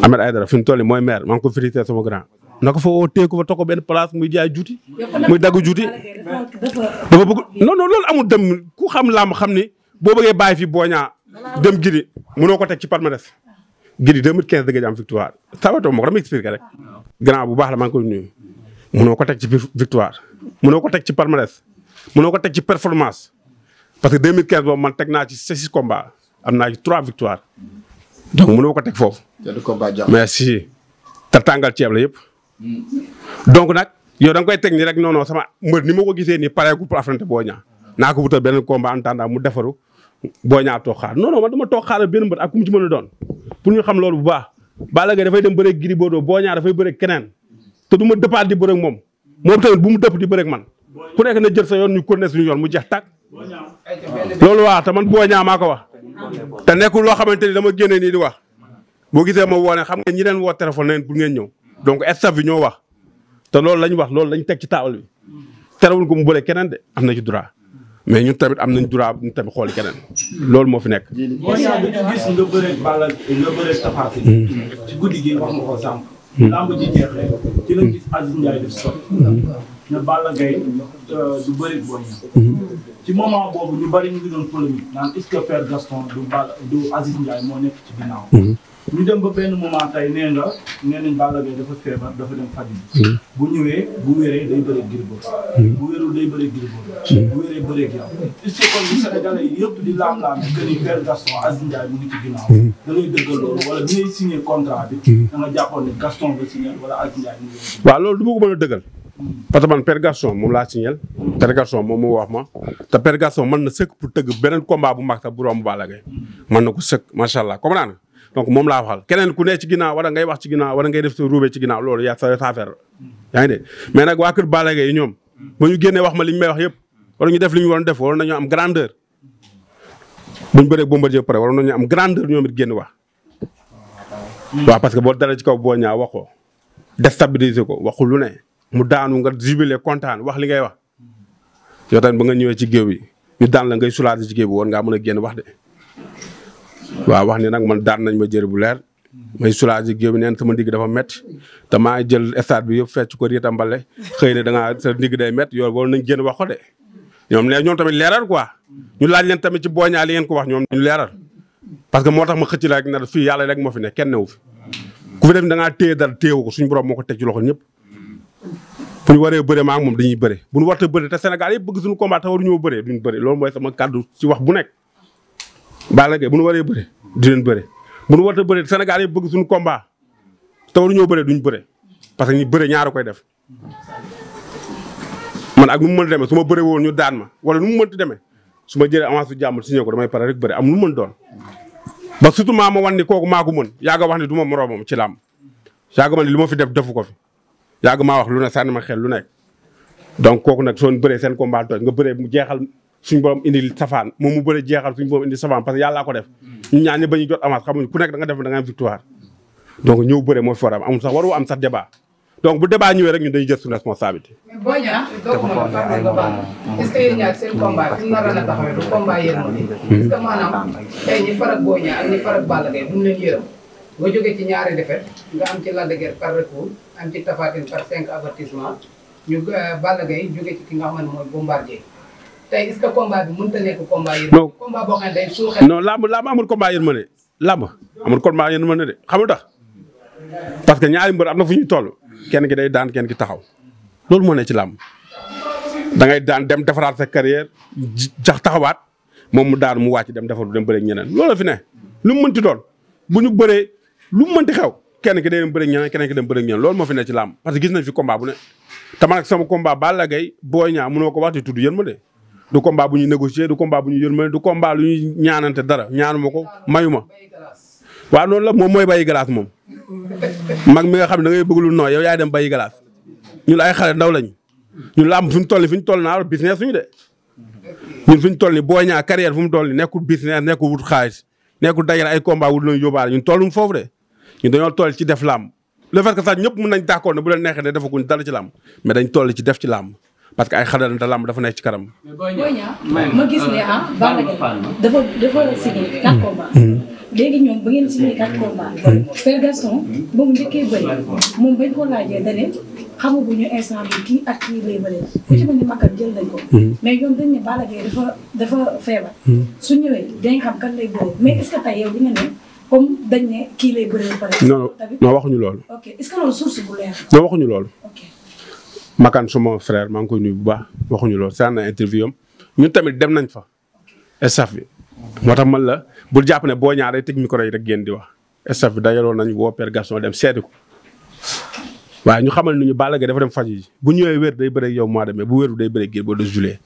A: Ahmed Aïdara fi mu toll nii mooy maire maa ngi ko félicité sama grand. na ko fa woo tee ko benn place muy jaay juuti. muy daggu juuti. dafa bëgg non non loolu amul dem ku xam mu xam ni boo bëggee bàyyi fi booñaa dem giri mënoo ko teg ci palmarès. giri 2015 da nga am victoire sabato moo ko dama expliqué rek. grand bu baax la ko ngi koy nuyu. mënoo ko teg ci victoire. mënoo ko teg ci palmarès. mënoo ko teg ci performance. parce que 2015 boobu man teg naa ci six combats. am naa ci trois victoires donc mënoo ko teg foofu. merci te tàngal ceeb la yëpp. Mm. donc nag yow da nga koy teg nii rek non sama mbër ni ma ko gisee nii pareegu pour affronter Boy Niang naa ko wutal benn combat en attendant mu defaru Boy Niang toog xaar non non man dama toog xaaral benn mbër ak ku ci mën doon pour ñu xam loolu bu baax. Balla Gaye dafay dem bëreeg Gris Bordeaux Boy Niang dafay bëreeg keneen te du ma dëppaat di bëreeg moom moom tamit bu mu dëpp di bëreeg man ku nekk na jël sa yoon ñu connaître suñu yoon mu jeex tàkk loolu waa man Boy Niang maa ko wax. te nekkul loo xamante ni dama génne nii di wax boo gisee ma woo xam nga ñi leen woo téléphone neen bu ngeen ñëw donc staff bi ñoo wax te loolu lañ wax loolu lañ teg ci taabal bi terewul ko mu bële keneen de am na ci droit mais ñun tamit am nañ droit ñu tamit xool keneen loolu moo fi nekk.
B: instant bi
A: ñu gis nga bëreeg ne Balla Gaye euh, du bëri Boy Niang mhm. ci moment boobu ñu bëri ñu ngi doon polémique naan est-ce Gaston du Balla du Aziz Ndiaye moo nekk ci ginnaaw mhm. ñu dem ba benn moment tey nee nga nee nañ Balla Gaye dafa feebar dafa dem faj mhm. bu ñëwee bu wéree day bëri Gris bu wérul day bëri Gris Bordeaux bu wéree bëri yow est yi yëpp di laam-laam que ni Père Gaston Aziz Ndiaye mu ngi ci ginnaaw da dëggal loolu wala bi ngay contrat bi da nga jàppoon ne Gaston nga signé wala Aziz Ndiaye mu parce que man Père Gaston moom laa signal. Père Gaston moom moo wax ma. te Père Gaston mën na sëkk pour tëgg beneen combat bu mag sax bu romb Balla Gaye. mën na ko sëkk macha allah comprendre nga donc moom laa waxal keneen ku ne ci ginnaaw wala ngay wax ci ginnaaw wala ngay def sa ruube ci ginnaaw loolu yaa sa affaire la. mais nag waa kër Balla Gaye ñoom. ba ñu génnee wax ma li ñu may wax yëpp. waroon ñu def li ñu waroon def waroon nañu am grandeur. bu ñu bëree Bombardier pare waroon nañu am grandeur ñoom it génn wax. Hmm. waaw parce que boo dalee ci kaw boo ñaaw wax ko déstabiliser ko waxul lu ne mu daanu nga jubilé kontaan wax li ngay wax yow tamit ba nga ñëwee ci géew bi ñu daan la ngay sulaat ci géew bi war ngaa mën a génn wax de waaw wax ni nag man daan nañ ma jër bu leer may soulager géew bi neen sama ndigg dafa métti te jël stade bi yëpp fecc ko riita bale xëy na da ngaa sa ndigg day métti yow war nañ génn wax ko de ñoom ñoom tamit leeral quoi ñu laaj leen tamit ci booñaa li ngeen ko wax ñoom ñu leeral parce que moo tax ma xëcc la rek na fii yàlla rek moo fi ne kenn newu fi ku fi def da ngaa téye dara ko suñu borom moo ko teg ci loxo ñëpp bu ñu waree bëre maa ngi moom dañuy bëre bu ñu warta bëre te Sénégal yëpp bëgg suñu combat te waruñoo bëre duñ bëre loolu mooy sama kàddu ci wax bu nekk Balla bu ñu waree bëre di leen bëre bu nu warta bëre te Sénégal yëpp bëgg suñu combat te waruñoo bëre duñ bëre parce que ñu bëre ñaara koy def man ak nu mu mën demee su ma bëre woon ñu daan ma wala nu mu mënti deme su ma jëlee avance su jàmm signé ko damay pare rek bëre am nu mu mën doon ba sutu maa ma wan ni kooku maa ko mën yaaga wax ni du ma moroomam ci làmb yaaga man li ma fi def defu ko fi yàgg maa wax lu ne sànni ma xel lu nekk donc kooku nag soo bëree seen combat toj nga bëree mu jeexal suñu borom indi safaan moom mu bëre jeexal suñu borom indi safaan parce que yàllaa ko def ñu ñaan ñi ba ñu jot avance xamuñ ku nekk da nga def da nga am victoire donc ñëw bëre moo fi war am amul sax waru am sax débat donc bu débat ñëwee rek ñu dañuy jël suñu responsabilité.
B: mais boo ñaax doo ko mën a faral di ko est-ce boo jógee ci ñaari défaite nga am ci Lac de am ci Tapha Tine par euh, xam ne
A: làmb làmb amul combat ma ne de xamul parce que ñaari mbër am na fu ñuy toll kenn ki day daan kenn ki taxaw loolu moo ne ci làmb da ngay daan dem defaraat sa carrière jax taxawaat moom mu daan mu wàcc dem defar dem bëre ñeneen loolu fi ne lu mu mënti doon bu ñu bëree. lu mu mënti xew kenn ki day dem bëri ñeneen keneen ki dem bëri ñeneen loolu moo fi ne ci làmb parce que gis nañ fi combat bu ne te sama combat Balla Gaye Boy Niang mënoo ko wax di tudd yërmande du combat bu ñuy négocier du combat bu ñu yërmande du combat lu ñuy ñaanante dara ñaanuma ko mayuma waa noonu la moom mooy bay glace moom mag mi nga xam ne da ngay bëgg lu nooy yow yaay dem bàyyi glace ñun ay xale ndaw lañ ñun làmb fi ñu toll fi ñu toll naa business suñu de ñun ñu toll nii Boy Niang carrière fu mu toll nii nekkul business nekkul wut xaalis nekkul dajale ay combat wut lañu yóbbaale ñun tolluñ foofu de ñu dañoo toll ci def làmb le fait que sax ñëpp mun nañ d'accord ne bu leen neexee ne defaguñ dara ci làmb mais dañ toll ci def ci làmb parce que ay xale lañ te làmb dafa nekk ci kanam.
B: léegi ñoom ba ngeen signé quatre combats. Hmm. Père Gaston ba mu njëkkee bëri moom bañ ko laajee da ne xamaguñu instant bi kii ak kii lay bëri. ku ci mel ni makkal jël nañ ko. Hmm. mais ñoom dañ ne Balla dafa dafa feebar. Hmm. su ñëwee dañ xam kan lay bëri mais est-ce que tey comme dañ ne kii lay bëree pare. non non waxuñu
A: loolu. Makan suma frère man ngi koy nuyu bu baax waxuñu loolu saan na interview am ñun tamit dem nañ fa. staff bi moo tax man la bul jàpp ne boo ñaaree teg micro yi rek ngeen di wax staff bi dajaloon nañ woo Père Gaston dem seeti ko waaye ñu xamal ni ñu Balla Gaye dafa dem faju ji bu ñëwee wér day bëreeg yow mois de mai bu wéru day bëreeg Gris Bordeaux juillet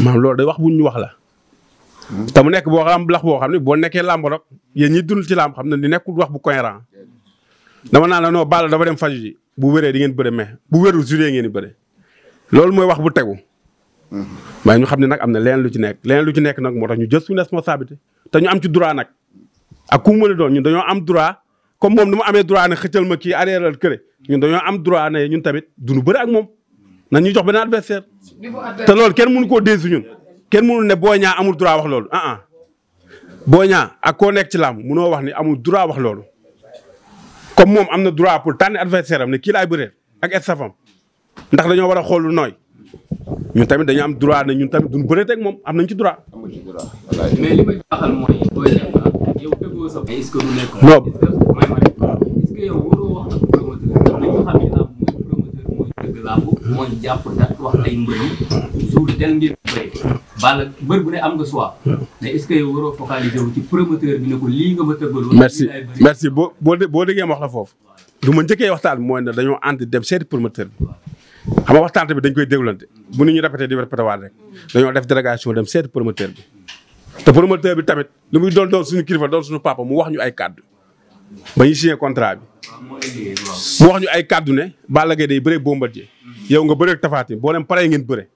A: maanaam loolu day wax bu ñu wax la. te mu nekk boo xam lax boo xam ne boo nekkee làmb rek yéen ñi dund ci làmb xam ne di nekkul wax bu cohérent dama naan la noo Balla dafa dem faju bu wéree di ngeen bëre mais bu wérul juré ngeen di bëre loolu mooy wax bu tegu waaye ñu xam ne nag am na leneen lu ci nekk leneen lu ci nekk nag moo tax ñu jël suñu responsabilité te ñu am ci droit nag ak ku a doon dañoo am droit comme moom ni mu amee droit ne xëccal ma kii arrièreal kële ñun dañoo am droit ne ñun tamit duñu bëri ak moom na ñu jox benn adversaire te loolu kenn mënu koo déesu ñun kenn mënul ne Boy Niang amul droit wax loolu ah ah Boy ak koo nekk ci làmb munoo wax ni amul droit wax loolu comme moom am na droit pour tànn adversaire am ne kii laay bëree ak estafam ndax dañoo war a xool nooy ñun tamit dañu am droit ne ñun tamit duñ bëree teg moom am nañ ci droit. am ci droit làmb mooy jàpp date wax tey mbër yi jour tel ngeen bëre bala mbër bu merci merci boo boo boo déggee wax la foofu du ma njëkkee waxtaan bi mooy ne dañoo ànd dem seeti promoteur bi xam nga bi dañ koy déglante bu nu ñu répété di répété waat rek dañoo def délégation dem seeti promoteur bi te promoteur bi tamit li muy doon doon suñu kilifa doon suñu papa mu wax ñu ay kàddu ba ñu signé contrat bi mu wax ñu ay kàddu ne Balla Gaye day bëree Bombardier yow nga bëreeg Tapha Tine boo leen paree ngeen bëre.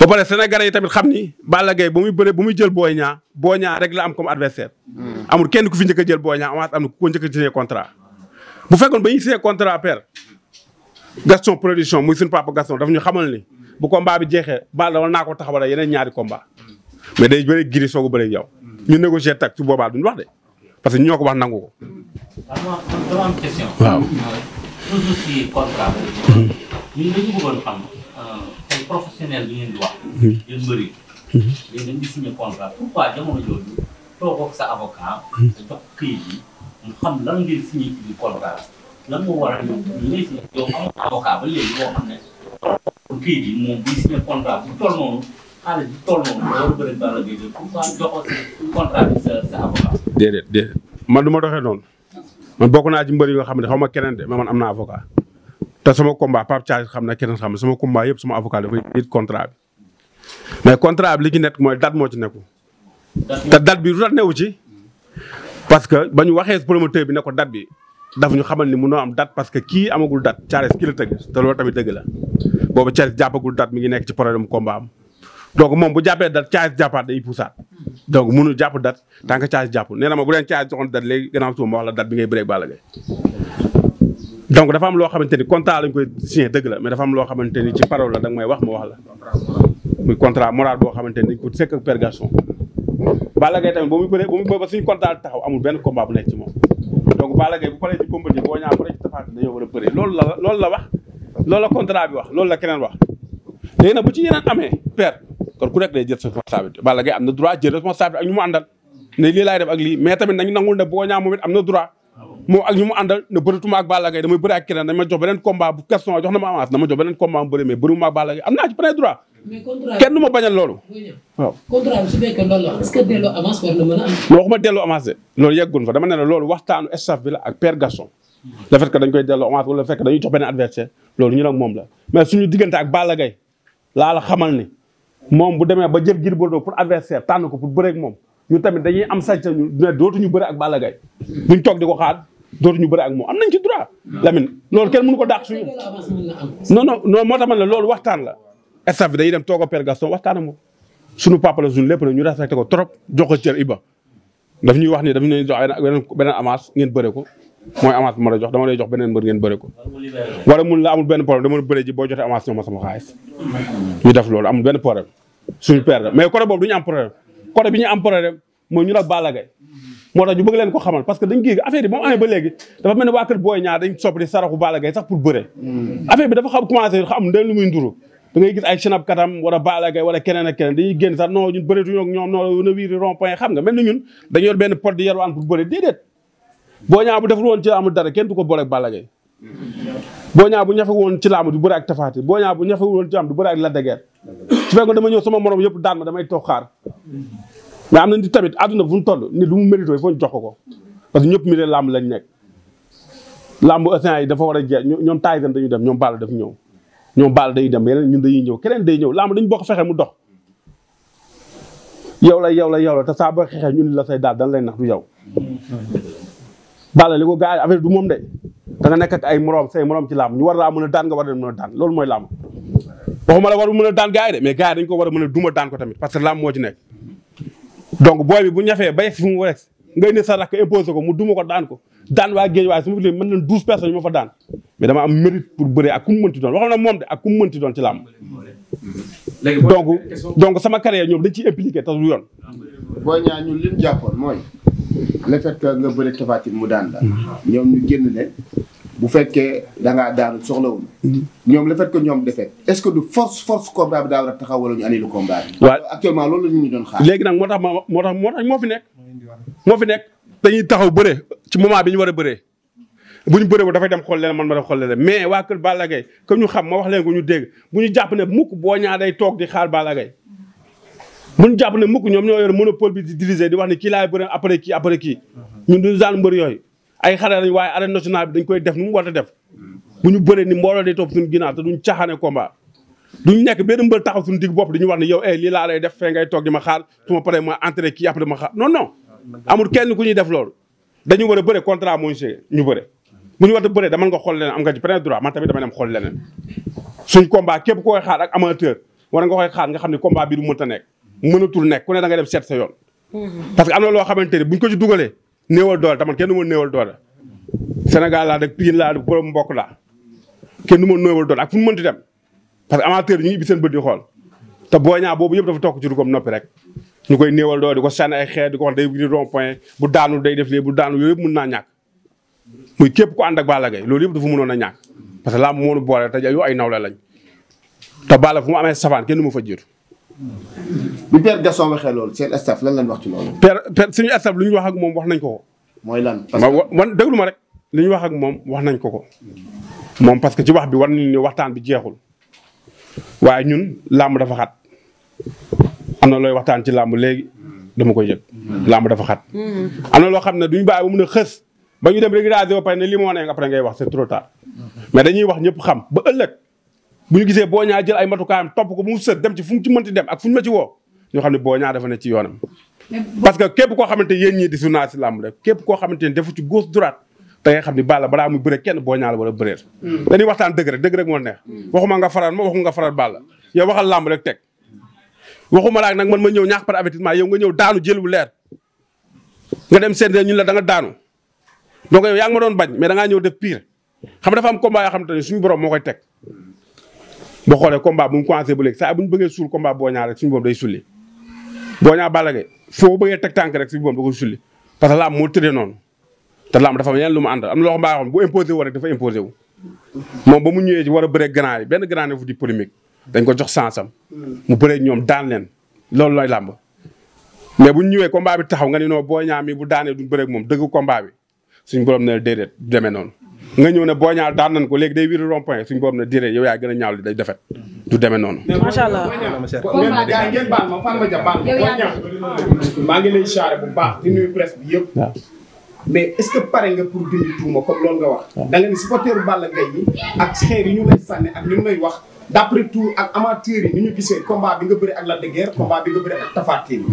A: ba pare Sénégalais yi tamit xam ni Balla gay bu muy bëre bu muy jël booy Niang Boy ñaa rek la am comme adversaire hmm. amul kenn ku fi njëkk a jël Boy Niang avance am na ku ko njëkk a signé bu fekkoon ba ñuy signé contrat père Gaston production muy suñu papa Gaston dafa ñu xamal ni bu ko combat bi jeexee Balla wala naa ko taxawal yeneen ñaari komba mais day bëri giri soog a bëri yow ñu négocier tak su boobaa duñu wax de parce que ñoo ko wax nangu
B: toujours si contrat bi. ñun dañu bëggoon xam euh, ay professionnel bi ngeen di wax. yéen mbëri. léegi dañuy signé contrat pourquoi jamono jooju toogoo ak sa
A: avocat. nga jox këyit yi mu xam lan ngay signé ci contrat lan moo waral ñu
B: ngay signé yow amul avocat ba léegi boo xam ne këyit yi moom buy signé contrat bu toll noonu. xaalis bi toll noonu loolu bëri na la ngay jël pourquoi joxoo sa contrat bi sa sa avocat.
A: déedéet déedéet man du ma doxee noonu. man bokk naa ci mbër nga xam ne xaw ma keneen de mais man am naa avocat te sama combat Pape Thialis xam na keneen xam ne suma combat yëpp sama avocat dafay it contrat mais contrat bi li ci nekk mooy date moo ci nekku te date bi lu date newu ci parce que ba ñu waxee promoteur bi ne ko date bi daf ñu xamal ni mënoo am date parce que kii amagul date Thialis kii la tëgg te loolu tamit dëgg la boobu Thialis jàppagul date mi ngi nekk ci problème combat am donc moom bu jàppee date caas jàppaat day puusaat donc mënul jàpp date tant que caas jàpp nee na ma bu leen caas joxoon date léegi gannaaw suba ma wax la date bi ngay bëreeg Balla Gaye donc dafa am loo xamante ni contrat lañ koy signé dëgg la mais am loo xamante ni ci parole la da nga may wax ma la muy contrat moral boo xamante ni dañ ko sekk ak pergation ba muy bëree ba muy ba suñu contrat benn combat bu nekk ci moom donc Balla Gaye bu paree loolu la loolu la wax loolu la contrat bi wax loolu la keneen wax léegi nag bu ci yeneen amee père kon ku nekk day jël sa responsabilité Balla Gaye am na droit jël responsabilité ak ñu mu àndal ne lii laay def ak lii mais tamit nañu nangul ne Boy Niang moom it am na droit moom ak ñu mu àndal ne bëratuma ak Balla Gaye damay bëri ak keneen dañ ma jox beneen combat bu question jox na ma avance dama jox beneen combat mu bëri mais bëriwuma ak Balla Gaye am naa ci plein droit kenn du ma bañal loolu waaw
B: contrat bi su fekkee loolu la est-ce que delloo avance war na mën a am
A: non waxuma delloo avance de loolu yeggun fa dama ne la loolu waxtaanu staff bi la ak père Gaston le fait que dañ koy delloo avance wala le fait que dañuy jox beneen adversaire loolu ñu nag moom la mais suñu diggante ak Balla Gaye laa la xamal ni moom bu demee ba jël Gris Bordeaux pour adversaire tànn ko pour bëreeg moom ñu tamit dañuy am sañ ñu ne dootuñu bëre ak Balla Gaye duñ toog di ko xaar dootuñu bëre ak moom am nañ ci droit. Lamine loolu kenn mënu ko dàq suñu. non non non moo tax man la loolu waxtaan la. staff bi dañuy dem toog a waxtaan ak moom suñu papa la suñu lépp la ñu respecté ko trop jox ko cër Iba daf ñuy wax ni daf ñuy jox beneen beneen avance ngeen bëre ko mooy avance bi ma jox dama lay jox beneen mbër ngeen bëre ko. wala mun la amul benn problème dama la bëre ji boo jotee def loolu amul benn problème suñu père mais côté boobu du ñu am problème côté bi ñu am problème mooy ñu la moo tax ñu bëgg leen ko xamal parce que dañ gis affaire bi amee ba léegi dafa mel ne waa kër Boy hmm. xam commencé xam da ngay gis ay Shinab Katam wala Balla Gaye wala keneen ak keneen dañuy génn sax non ñun bëreetuñu ak ñoom non na wiiri rond point xam nga mel ni ñun dañu yor benn bu deful woon ci laamu dara kenn du ko boole ak Balla Gaye Boy bu ñafe woon ci laamu di bëre ak Tapha Tine Boy Niang bu ñafe woon ci du bëre ak Lac su fekkoon dama ñëw sama moroom yëpp daan ma damay toog xaar mais am na nit tamit àdduna bu mu toll nit lu mu mérito foo ñu jox ko parce que ñëpp mi de làmb lañ nekk. làmb Océan yi dafa war a jeex ñoom Tyson dañuy dem ñoom Balla daf ñëw ñoom Balla day dem yeneen ñun dañuy ñëw keneen day ñëw làmb dañu bokk fexe mu dox. yow la yow la yow te saa boo xeexee la say daal dañ lay nax du yow. Balla li ko gars yi affaire du moom de da nga ay morom say morom ci làmb ñu war laa mën a daan nga war leen mën a daan loolu mooy làmb. waxuma la war a mën a daan gars yi de mais gars yi dañ ko war a mën a duma daan ko tamit parce que làmb moo ci nekk donc booy bu ñafee ba yegg si fu mu rex ngay ne sa rakk imposé ko mu duma ko daan ko daan waa géej waaye su ma fi leen mën nañ daan mais dama am mérite pour bëree ak ku mu mënti doon waxam na moom de ak ku mu mënti doon ci làmb donc donc sama carrière ñoom dañ ci impliqué te du yoon Boy Niang ñun li ñu jàppoon mooy le fait que nga bëri Tapha mu daan la mm-hmm. ñoom ñu bu fekkee da ngaa daanu soxlawul. Mhm. ñoom le fait ñoom defee est-ce que du force force combat bi daa war a taxaw wala ñu annulé combat bi. waaw actuellement loolu la ñu doon xaar. léegi nag moo tax ma moo tax moo tax moo fi nekk. moo fi nekk dañuy taxaw bëre ci moment bi ñu war a bëree bu ñu bëree bu dafay dem xool leen man ma dem xool leen mais waa kër Balla Gaye comme ñu xam ma wax leen ko ñu dégg bu ñu jàpp ne mukk boo ñaa day toog di xaar Balla Gaye ñu jàpp ne mukk ñoom ñoo yor monopole bi di diriger di wax ne kii laay bëre après kii après kii mhm. ñun duñu daan mbër yooyu ay xarala yi waaye arène nationale bi dañ koy def nu mu war a def bu ñu bëree ni mbooloo di topp suñu ginnaaw te duñ caaxaane combat duñ nekk benn mbër taxaw suñu digg bopp dañuy eh, def fee ngay war a bëre contrat mooñu si ñu bëre bu ñu nga xool leneen am nga ci plein droit man tamit dama dem xool leneen suñ nga xam ne combat bi du nekk mënatul nekk sa yoon mm-hmm. parce am na loo xamante ni buñ ko ci dugalee néewal doole taman kenn du ma néewal doole Sénégal laa dëkk Pikine laa dëkk borom mbokk laa kenn du ma néewal doole ak fu mu mënti dem parce que amateur ñu ngi ibbi seen bët di xool te Boy ñaa boobu yëpp dafa toog ci rugam noppi rek ñu koy néewal doole di ko seen ay xeet di ko wax day di rond point bu daanu day def lii bu daanu yooyu yëpp mën naa ñàkk muy képp ku ànd ak Balla loolu yëpp dafa mënoon a ñàkk parce que laa moonu boole te yu ay nawle lañ te Balla fu mu amee safaan kenn du ma fa bi père Gaston waxee loolu seen staff lan lañ wax ci loolu. père père suñu staff lu ñu wax ak moom wax nañ ko ko. mooy lan parce que man déglu ma rek. li ñu wax ak moom wax nañ ko ko. moom parce que ci wax bi war nañu ni waxtaan bi jeexul waaye ñun làmb dafa xat am na looy waxtaan ci làmb léegi dama koy yëg. làmb dafa xat. Mm. am na loo xam ne duñu bàyyi ba mun a xës ba ñu dem rek raser ba pare ne lii moo ne après ngay wax c'est trop tard mais dañuy wax ñëpp xam ba ëllëg. bu ñu gisee boo ñaa jël ay matukaayam topp ko bu mu sët dem ci fu mu ci mënti dem ak fu ñu ma ci woo ñoo xam ne boo ñaa dafa ne ci yoonam parce que képp koo xamante yéen ñii di su naa si làmb képp ko xamante ne defu ci gauche droite da ngay xam ni Balla balaa muy bëre kenn boo ñaa la war a bëreer hmm. dañuy waxtaan dëgg rek dëgg rek moo neex hmm. waxuma nga faral ma waxuma nga faral Balla yow waxal làmb rek teg waxuma laak nag man ma ñëw ñaax par avertissement yow nga ñëw daanu jël bu leer nga dem seen la da daanu donc yaa ngi ma doon bañ mais da ngaa ñëw def pire xam dafa am combat yoo xamante ne suñu borom moo koy teg boo xoolee combat bu mu commencé bu léegi saa bu ñu bëggee suul combat boo ñaa rek suñu boobu day sulli boo ñaa Balla Gaye foo bëggee teg tànk rek suñu boobu da koy sulli parce que laam mu tëddee noonu te laam dafa am yeneen lu mu àndal am na loo xam ne bu imposé wu rek dafa imposé moom ba mu ñëwee ci war a bëree grand yi benn grand ne fu di polémique dañ ko jox sansam mu bëree ñoom daan leen loolu lay làmb mais bu ñu ñëwee combat bi taxaw nga ni noo boo ñaa mi bu daanee duñ bëree moom dëgg combat bi suñu borom ne déedéet du demee noonu nga ñëw ne Boy Niang daan nañ ko léegi day wiiri rond point suñ boobu na diree yow yaa gën a ñaaw day defet du demee noonu.
B: macha allah ma fan
A: maa ngi lay charré bu baax di nuyu presse bi yëpp. mais est-ce que pare nga pour dindi tuuma ko lool nga wax. da nga ni supporteru Balla Gaye yi ak xeer yi ñu lay sànni ak ñu lay wax. d'après tout ak amateurs yi ni ñu gisee combat bi nga bëri ak Lac de Guiers combat bi nga bëri ak Tapha Tine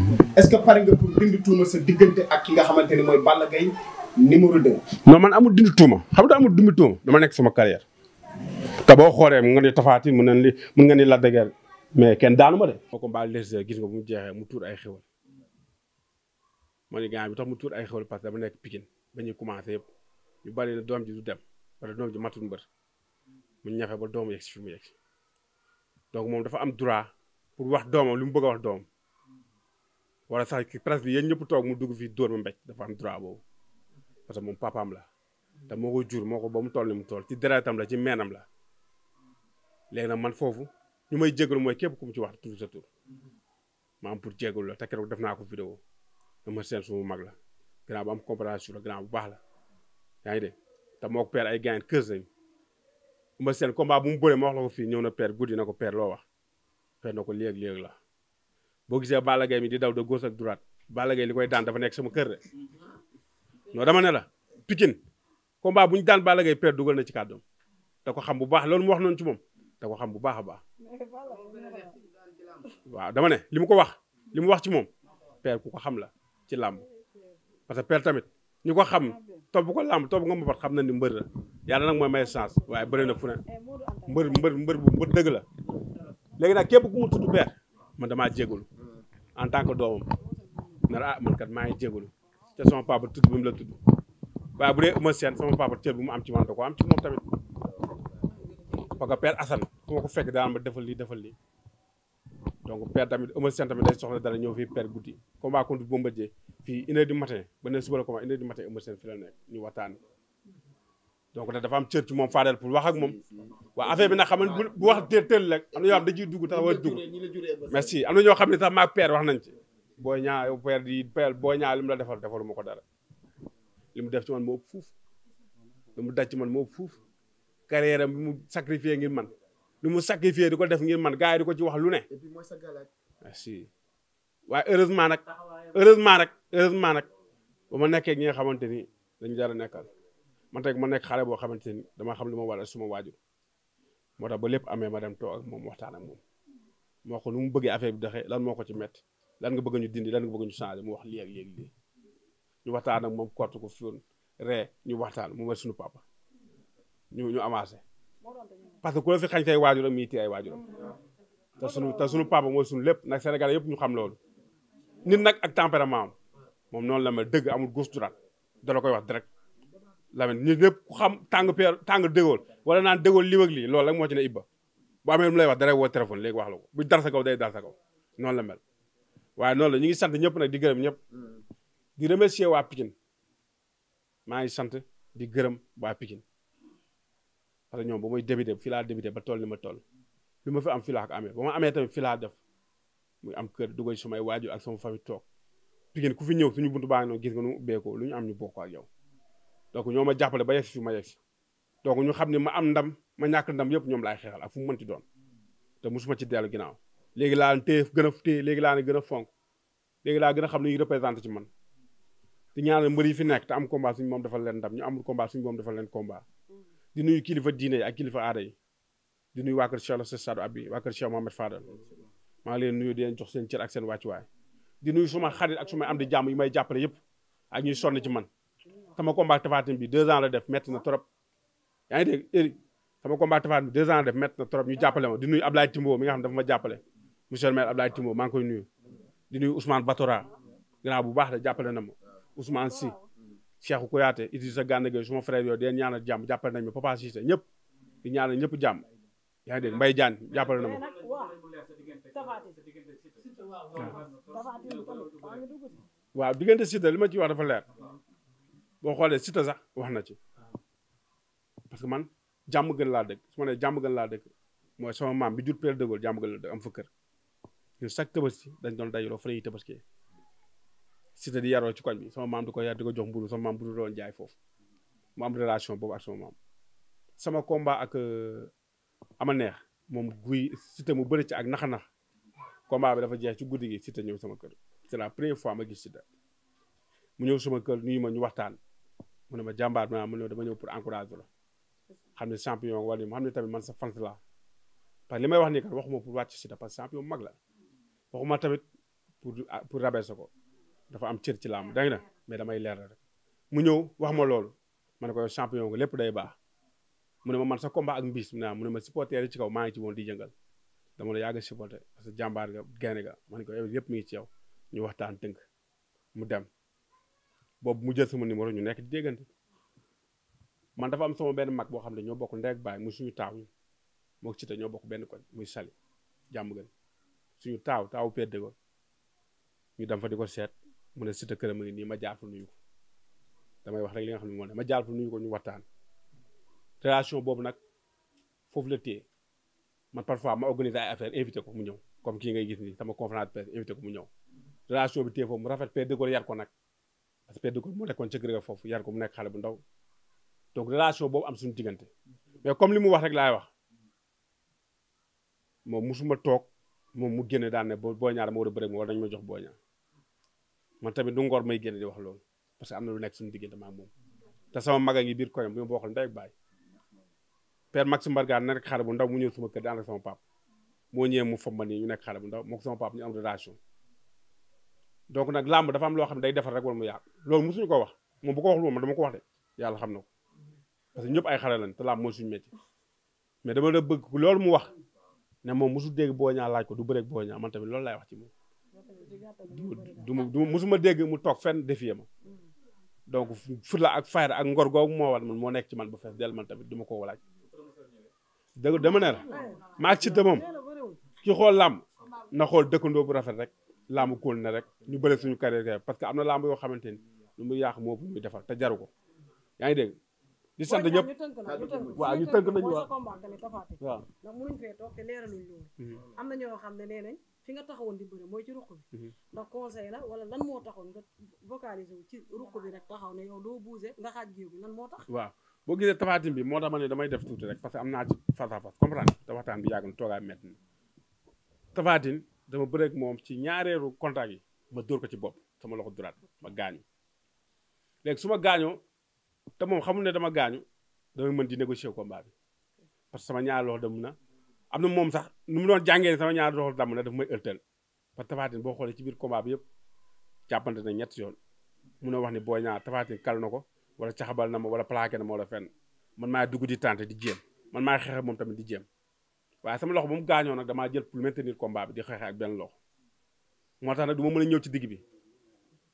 A: pare nga pour dindi tuuma sa diggante ak ki nga xamante ne mooy Balla Gaye numéro 2. non man amul dindi tuuma xam nga amul dindi tuuma dama nekk sama carrière te boo xoolee mu nga ni tafaati mun nañ li mun nga ni la dëgër mais kenn daanu ma de. moo ko mbaal léegi gis nga bu mu jeexee mu tuur ay xewal ma ne gars bi tax mu tuur ay xewal parce que dama nekk Pikine ba ñuy commencé yëpp ñu bari na doom ji du dem wala doom ji matul mbër mu ñafe ba doom yegg si fi mu yegg donc moom dafa am droit pour wax doomam li mu bëgg a wax doomam wala sax presse bi yéen ñëpp toog mu dugg fii dóor ma mbéj dafa am droit boobu. parce que moom papaam la te moo ko jur moo ko ba mu toll ni mu toll ci deretam la ci meenam la léegi nag man foofu ñu may jégalu mooy képp ku mu ci wax tur sa tur ma am pour jégalu la te keroog def naa ko vidéo dama seen suma mag la grand am compréhension la grand bu baax la yaa ngi dégg te moo ko ay gaañ kër lañu ma seen combat bu mu bëree ma wax la ko fii ñëw na père guddi na ko père loo wax père na ko léeg-léeg la boo gisee Balla Gaye mi di daw de gauche ak droite Balla Gaye li koy daan dafa nekk sama kër de non dama ne la Pikine combat bu ñu daan Balla Gaye père dugal na ci kàddoom da ko xam bu baax loolu mu wax noonu ci moom da ko xam bu baax a baax waaw dama ne li mu ko wax li mu wax ci moom père ku ko xam la ci làmb parce que père tamit ñu ko xam topp ko làmb topp nga mbapat xam na ni mbër la yàlla nag mooy ma chance waaye bëri na fu mbër mbër mbër bu mbër dëgg la léegi nag képp ku mu tudd père man damaa jégalu en tant que doomam nar ah man kat maa ngi jégalu te sama papa tudd bi mu la tudd waaye bu dee Eumeu Sène sama papa cër bu mu am ci ko am moom tamit parce que père Assane fu fekk daan ma defal lii defal li donc père tamit Eumeu Sène tamit day soxla dara ñëw fii père guddi combat contre Bombardier fii une heure ba ne suba la combat une heure du fi la nekk ñu waxtaan donc nag am cër ci moom Fadel pour wax ak moom waa affaire bi nag xam bu wax teel teel rek am na ñoo xam dañuy dugg tax war dugg merci am na xam ne tax maag père wax nañ ci boo ñaa père di père booy ñaa li mu la defal defaluma ko dara li mu def ci man moo ëpp fuuf mu daj ci man moo ëpp fuuf carrière bi mu sacrifié ngir man li mu sacrifié di ko def ngir man gars yi di ko ci wax lu ne. et puis mooy sa galaaj. merci waaye heureusement nag. heureusement nag heureusement nag ba ma nekkee ñi nga xamante ni dañu jar nekkal man tey ma nekk xale boo xamante ni dama xam li ma war a suma waajur moo tax ba lépp amee ma dem toog ak moom waxtaan ak moom moo ko nu mu bëggee affaire bi doxee lan moo ko ci métti. lan nga bëgg ñu dindi lan nga bëgg ñu changé mu wax lii ak lii ñu waxtaan ak moom kott ko fiyoon ñu waxtaan mu mel suñu papa ñu ñu avancé parce que ku la fi xañ say mi téye ay waajuram te suñu te suñu papa mooy suñu lépp nag Sénégal yëpp ñu xam loolu nit nag ak tempérament am noonu la mel dëgg amul gauche droite dala koy wax direct Lamine ñun ñëpp ku xam tàng peer tàng dégool wala naan dégool lii ak lii loolu rek moo ci ne Ibba bu amee lu lay wax dara woo téléphone léegi wax la ko bu dara sa kaw day dara sa kaw noonu la mel waaye noonu la ñu ngi sant ñëpp nag di gërëm ñëpp hmm. di remercier waa Pikine maa ngi sant di gërëm waa Pikine parce que ñoom ba muy fii laa débuté ba toll ni ma toll li ma fi am fii laa ko amee ba ma amee tamit fii def muy am kër dugal sumay waajur ak sama famille toog Pikine ku fi ñëw su ñu buntu baa ngi noonu gis nga nu ubbeekoo lu ñu am ñu bokk ak yow donc ñoo ma jàppale ba yegsi fi ma yegsi donc ñu xam ne ma am ndam ma ñàkk ndam yëpp ñoom laay xeexal ak fu mu mënti doon te mosuma ci dellu ginaaw léegi laa téye gën téye léegi laa ne gën a fonk léegi laa gën a xam ne ñu représenté ci man di ñaanal mbër yi fi nekk te am combat suñu moom dafa leen ndam ñu amul combat suñu moom leen combat di nuyu kilifa diine ak kilifa aada yi waa kër Cheikh la Sadou Abi waa kër maa ngi leen nuyu jox seen cër ak seen wàccuwaay di nuyu suma xarit ak sumay am di jàmm yi may jàppale yëpp ak ñuy sonn ci man sama combat tafaatin bi deux ans la def metti na trop yaa ngi dégg sama combat tafaatin bi deux ans la def métti na trop ñu jàppale ma di nuyu Ablaye Timbo mi nga xam ne dafa ma jàppale monsieur le maire Abdoulaye Timbo maa ngi koy nuyu di nuyu Ousmane Batora gannaaw bu baax de jàppale na ma Ousmane si Cheikhou Kouyaté Idrissa Gana Gueye suma frère yooyu di leen ñaanal jàmm jàppale nañ ma ñëpp di ñëpp jàmm yaa ngi dégg jàppale na ma waaw diggante Siteu li ma ciy wax dafa leer boo xoolee Siteu sax wax na ci parce que man jàmm gën laa dëkk su ma jàmm gën laa dëkk mooy sama maam bi jur Pierre de Gaulle jàmm gën la dëkk am fa kër ñun chaque tabaski dañ doon dajaloo fa la ñuy tabaski Siteu di yaroo ci koñ bi sama maam di ko yar di ko jox mburu sama maam bu du doon jaay foofu mu am relation boobu ak sama maam sama combat ak euh, ama neex moom guy Siteu mu bëri ci ak nax-nax combat bi dafa jeex ci guddi gi Siteu ñëw sama kër c'est la première fois ma gis Siteu mu ñëw sama kër nuyu ma ñu waxtaan mu ne ma jàmbaar ma mu dama ñëw pour encourager la xam ne champion wala mu tamit man sa fans la parce li may wax nii kat waxuma pour wàcc Siteu parce que champion mag la ma tamit pour pour rabaisser ko dafa am cër ci làmb dégg na mais damay leer rek mu ñëw wax ma loolu ma ne ko champion nga lépp day baax mu ne ma man sa combat ak mbiis mu ne ne ma supporter yi ci kaw maa ngi ci woon di jëngal dama la yàgg supporter parce que jàmbaar nga gaynde nga ma ne ko yow yëpp mi ngi ci yow ñu waxtaan tënk mu dem boobu mu jël sama numéro ñu nekk di déggante man dafa am sama benn mag boo xam ne ñoo bokk ndey ak baay mu suñu taaw ñu moo ci ñoo bokk benn koñ muy sali jàmm gën suñu taaw taaw perte ko ñu dem fa di ko seet mu ne Siteu këram a ngi nii ma jaar fa nuyu ko damay wax rek li nga xam ne moo ne ma jaar fa nuyu ko ñu waxtaan relation boobu nag foofu la téye man parfois ma organiser ay affaire invité ko mu ñëw comme kii ngay gis nii sama conférence presse invité mu ñëw relation bi téye foofu mu rafet père de Gaulle yar ko nag parce que père de Gaulle mu nekkoon ca Gréga foofu yar ko mu nekk xale bu ndaw donc relation boobu am suñu diggante mais comme li mu wax rek laay wax moom musuma toog moom mu génne daan ne boo ñaar dama war a bëre moom wala dañu ma jox Boy Niang man tamit du ngoor may génne di wax loolu parce que am na lu nekk suñu diggante maak moom te sama mag a ngi biir koyam bu ma xale bu ndaw mu ñëw sama kër daan ak sama pap moo ñëwee mu fomba nii ñu nekk xale bu ndaw moo ko sama pap nag làmb dafa loo xam ne day defar rek wala mu yàq loolu mosuñu ko wax moom bu ko wax lu ma dama ko wax de yàlla xam na ko parce que ñëpp ay xale lañ te làmb mooy suñu métier mais dama la bëgg loolu mu wax ne moom musul dégg boo Niang laaj ko du bëreeg Boy Niang man tamit loolu laay wax ci moom. du du dégg mu toog fenn defee ma. donc fulla ak fayda ak ngor moo war man moo nekk ci man bu fees del man tamit duma ma ko laaj. dëgg dama ne la
B: ma ak Siteu moom ki xool làmb
A: na xool dëkkandoo bu rafet rek làmb kóol ne rek ñu bëre suñu carrière parce que am na làmb yoo xamante ni lu mu yàq moo bu muy defar te jaru ko yaa dégg. di sant ñëpp waaw ñu tënk nañu waaw
B: waaw ndax mënuñ fee toog te leeraluñ loolu mhm. am na ñoo xam ne nee nañ fi nga taxawoon di bëri mooy ci ruq bi mhm. ndax conseil la wala lan moo taxoon nga vocaliser wu ci ruq bi rek
A: taxaw ne yow doo bouger nga xaaj géew bi lan moo tax waa boo gisee tafaatin bi moo tax ma ne damay def tuuti rek parce que am naa ci face à face comprendre te waxtaan bi yàgg na toogaay metti na tafaatin dama bëreeg moom ci ñaareeru contact yi ma dóor ko ci bopp sama loxo duraat ma ma gaañoo te moom xamul ne dama gaañu damay mën di négocier combat bi parce que sama ñaar loxo damm na am na moom sax nu mu doon jàngee sama ñaar loxo damm na daf may ëltal parce que Tapha Tine boo xoolee ci biir combat yëpp jàppante na ñett yoon munoo wax ni Boy Niang Tapha kal na ko wala caxabal na ma wala plaqué na ma wala fenn man maay dugg di tenter di jéem man maay xeex moom tamit di jéem waaye sama loxo bu mu gaañoo nag damaa jël pour maintenir combat bi di xeex ak benn loxo moo tax nag du ma mën a ñëw ci digg bi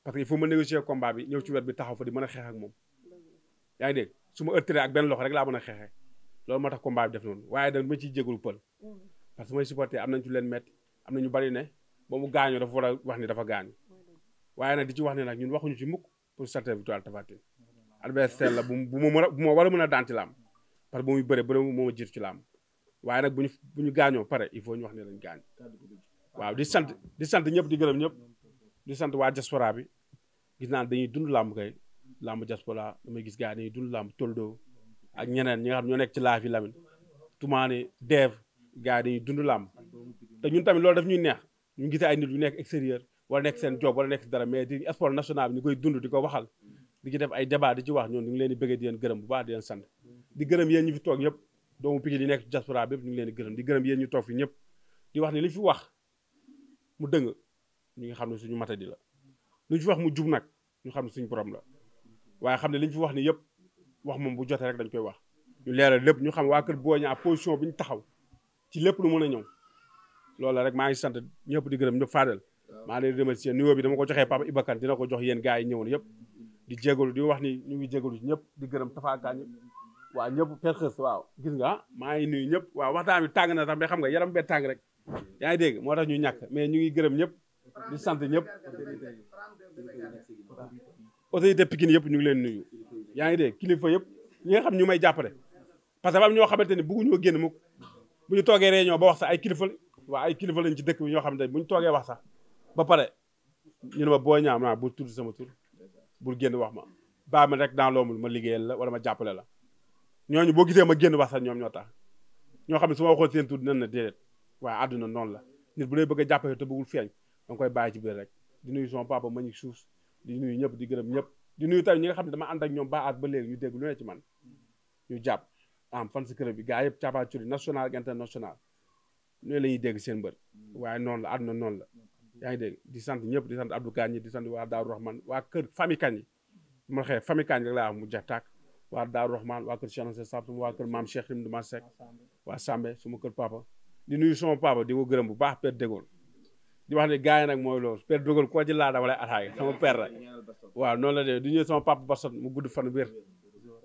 A: parce que il faut ma négocier combat bi ñëw ci wet bi taxaw fa di mën a xeex ak moom yaa ngi dégg su ma ëttiree ak benn loxo rek laa mën a xeexe loolu ma tax combat bi def noonu waaye da ma ciy jégalu pël mm. parce que may supporter am nañ ci leen metti am nañu bari ne ba mu gaañoo dafa war wax ni dafa gaañu waaye nag di ci wax ne nag ñun waxuñu ci mukk pour certain victoire Tapha Tine adversaire la bu bu ma mën a war a mën a daan ci làmb parce que bu muy bëre moo ma jiitu ci laam waaye nag bu ñu bu ñu gaañoo pare il faut ñu wax ne lañ gaañ waaw di sant di sant ñëpp di gërëm ñëpp di sant waa diaspora bi gis naa dañuy dund làmb kay làmb diaspora damay gis gaa yi dund làmb toldo ak ñeneen ñi nga xam ñoo nekk ci laaf yi lamin tumaane deev gaa yi dund làmb te ñun tamit daf ñuy neex ñu gisee ay nit yu nekk extérieur wala nekk seen job nekk dara mais di sport national ñu koy dund di ko waxal di ci def ay débat di wax ñoom ñu ngi leen di bëggee di gërëm bu baax di leen sant di gërëm yéen ñu fi toog yëpp doomu Pikine yi nekk ci ngi leen di gërëm di gërëm yéen ñu toog fi ñëpp di wax ni li ñu wax mu dëng ñu nga xam ne suñu matadi la lu ñu fi wax mu jub nag ñu xam ne suñu borom la waaye xam ne li ñu fi wax ni yëpp wax moom bu jotee rek dañ koy wax ñu leeral lépp ñu xam waa kër Boy Niang position bi ñu taxaw ci lépp lu mën a ñëw loolu rek maa ngi sant ñëpp di gërëm ñëpp faadal maa ngi leen di remercier nuyoo bi dama ko joxee Papa Ibakan dina ko jox yéen gars yi ñëwoon yëpp di jégalu di wax ni ñu ngi jégalu ñëpp di gërëm tafaakaan waaw ñëpp perxës waaw gis nga maa ngi nuyu ñëpp waaw waxtaan bi tàng na tam mais xam nga yaram bee tàng rek yaa ngi dégg moo tax ñu ñàkk mais ñu ngi gërëm ñëpp di sant ñëpp autorité Pikine yëpp ñu ngi leen nuyu yaa ngi dégg kilifa yëpp ñi nga xam ñu may jàppale parce que dafa am ñoo xamante ni bëgguñoo génn mukk bu ñu toogee réunion ba wax sax ay kilifa waaw ay kilifa lañ ci dëkk bi ñoo xamante ni bu ñu toogee wax sax ba pare ñu ne ma boo ñaam naa bu tudd sama tur bul génn wax ma baa ma rek dans l'ombre ma liggéeyal la wala ma jàppale la ñooñu boo gisee ma génn wax sax ñoom ñoo ta ñoo xam ne su ma waxoon seen tur dinañ na déedéet waaye àdduna noon la nit bu lay bëgg a jàppale te bëggul feeñ danga koy bàyyi ci rek di nuyu sama papa ma ñu suus di nuyu ñëpp di gërëm ñëpp di nuyu tamit ñi nga xam ne dama ànd ak ñoom ba ba léegi ñu dégg lu man ñu jàpp am fan si bi gaa yëpp capaacuri national international la dégg seen mbër waaye noonu la àdduna noonu la yaa di sant ñëpp di sant Abdou Kañ di sant waa Daaru Rahman waa kër famille Kañ man xëy famille Kañ rek laa am mu jeex tàkk waa Daaru Rahman waa kër Cheikh Samb waa kër maam Cheikh Rim waa Sambe suma kër papa di nuyu sama papa di ko gërëm bu baax Père Dégool di wax ne gaa yi nag mooy loolu père dugal koo ci a dama a attaqué sama père la waaw noonu la de du ñëw sama papa Barson mu gudd fan wér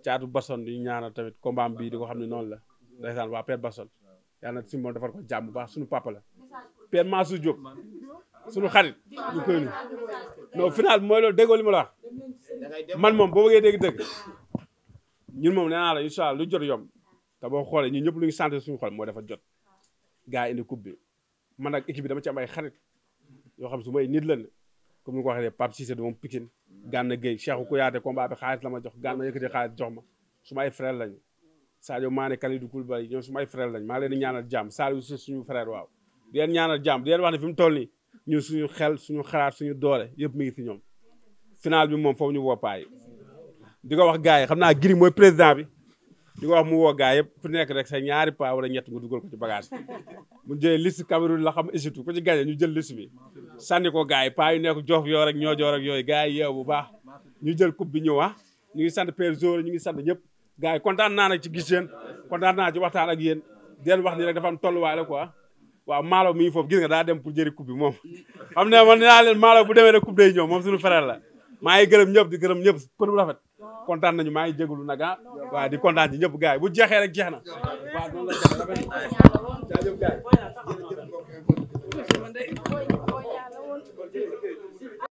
A: caatu Barson di ñaanal tamit combat bii di ko xam ne noonu la ndeysaan waa père Barson yàlla na suñu moom defar ko jàmm bu baax suñu papa la
B: père Mansour Diop suñu xarit ñu koy nu non final man moom boo
A: bëggee dégg ñun moom nee naa la incha lu jot yomb te boo xoolee ñun ñëpp lu ngi sant suñu xol moo dafa jot gaa yi indi coupe bi man ak équipe dama ci xarit yoo xam su may nit lan comme ni ko waxee Pape Cissé moom Pikine Gana Gueye Cheikhou Kouyaté combat bi xaalis la ma jox Gana yëkkati xaalis jox ma su may frère lañu Sadio Mané Kalidou Koulibaly ñoom su may frère lañ maa leen di ñaanal jàmm Saliou su suñu frère waaw di leen ñaanal jàmm di leen wax ne fi mu toll nii ñu suñu xel suñu xalaat suñu doole yëpp mi ngi si ñoom final bi moom foofu ñu woppaay di ko wax gars yi xam naa Gris mooy président bi di ko wax mu woo gaa yëpp fu nekk rek sa ñaari paa wala ñett nga dugal ko ci bagage mu jëlee liste Cameroun la xam Égypte ku ci gagné ñu jël liste bi sànni ko gaa yi paa yu nekk jox yoo rek ñoo joor ak yooyu gaa yi yeew bu ba ñu jël coupe bi ñëw ah ñu ngi sant Père Zoro ñu ngi sant ñëpp gaa yi kontaan naa nag ci gis yéen kontaan naa ci waxtaan ak yéen den wax ni rek dafa am tolluwaay la quoi waaw Malo mi ngi foofu gis nga daa dem pour jëri coupe bi moom xam ne man dinaa leen Malo bu demee rek coupe day ñëw moom suñu frère la maa ngi gërëm ñëpp di gërëm ñëpp kon bu rafet kontaan nañu maa ngi jégalu nag ah waaw di kontaan ci ñëpp gars bu jeexee rek jeex
B: na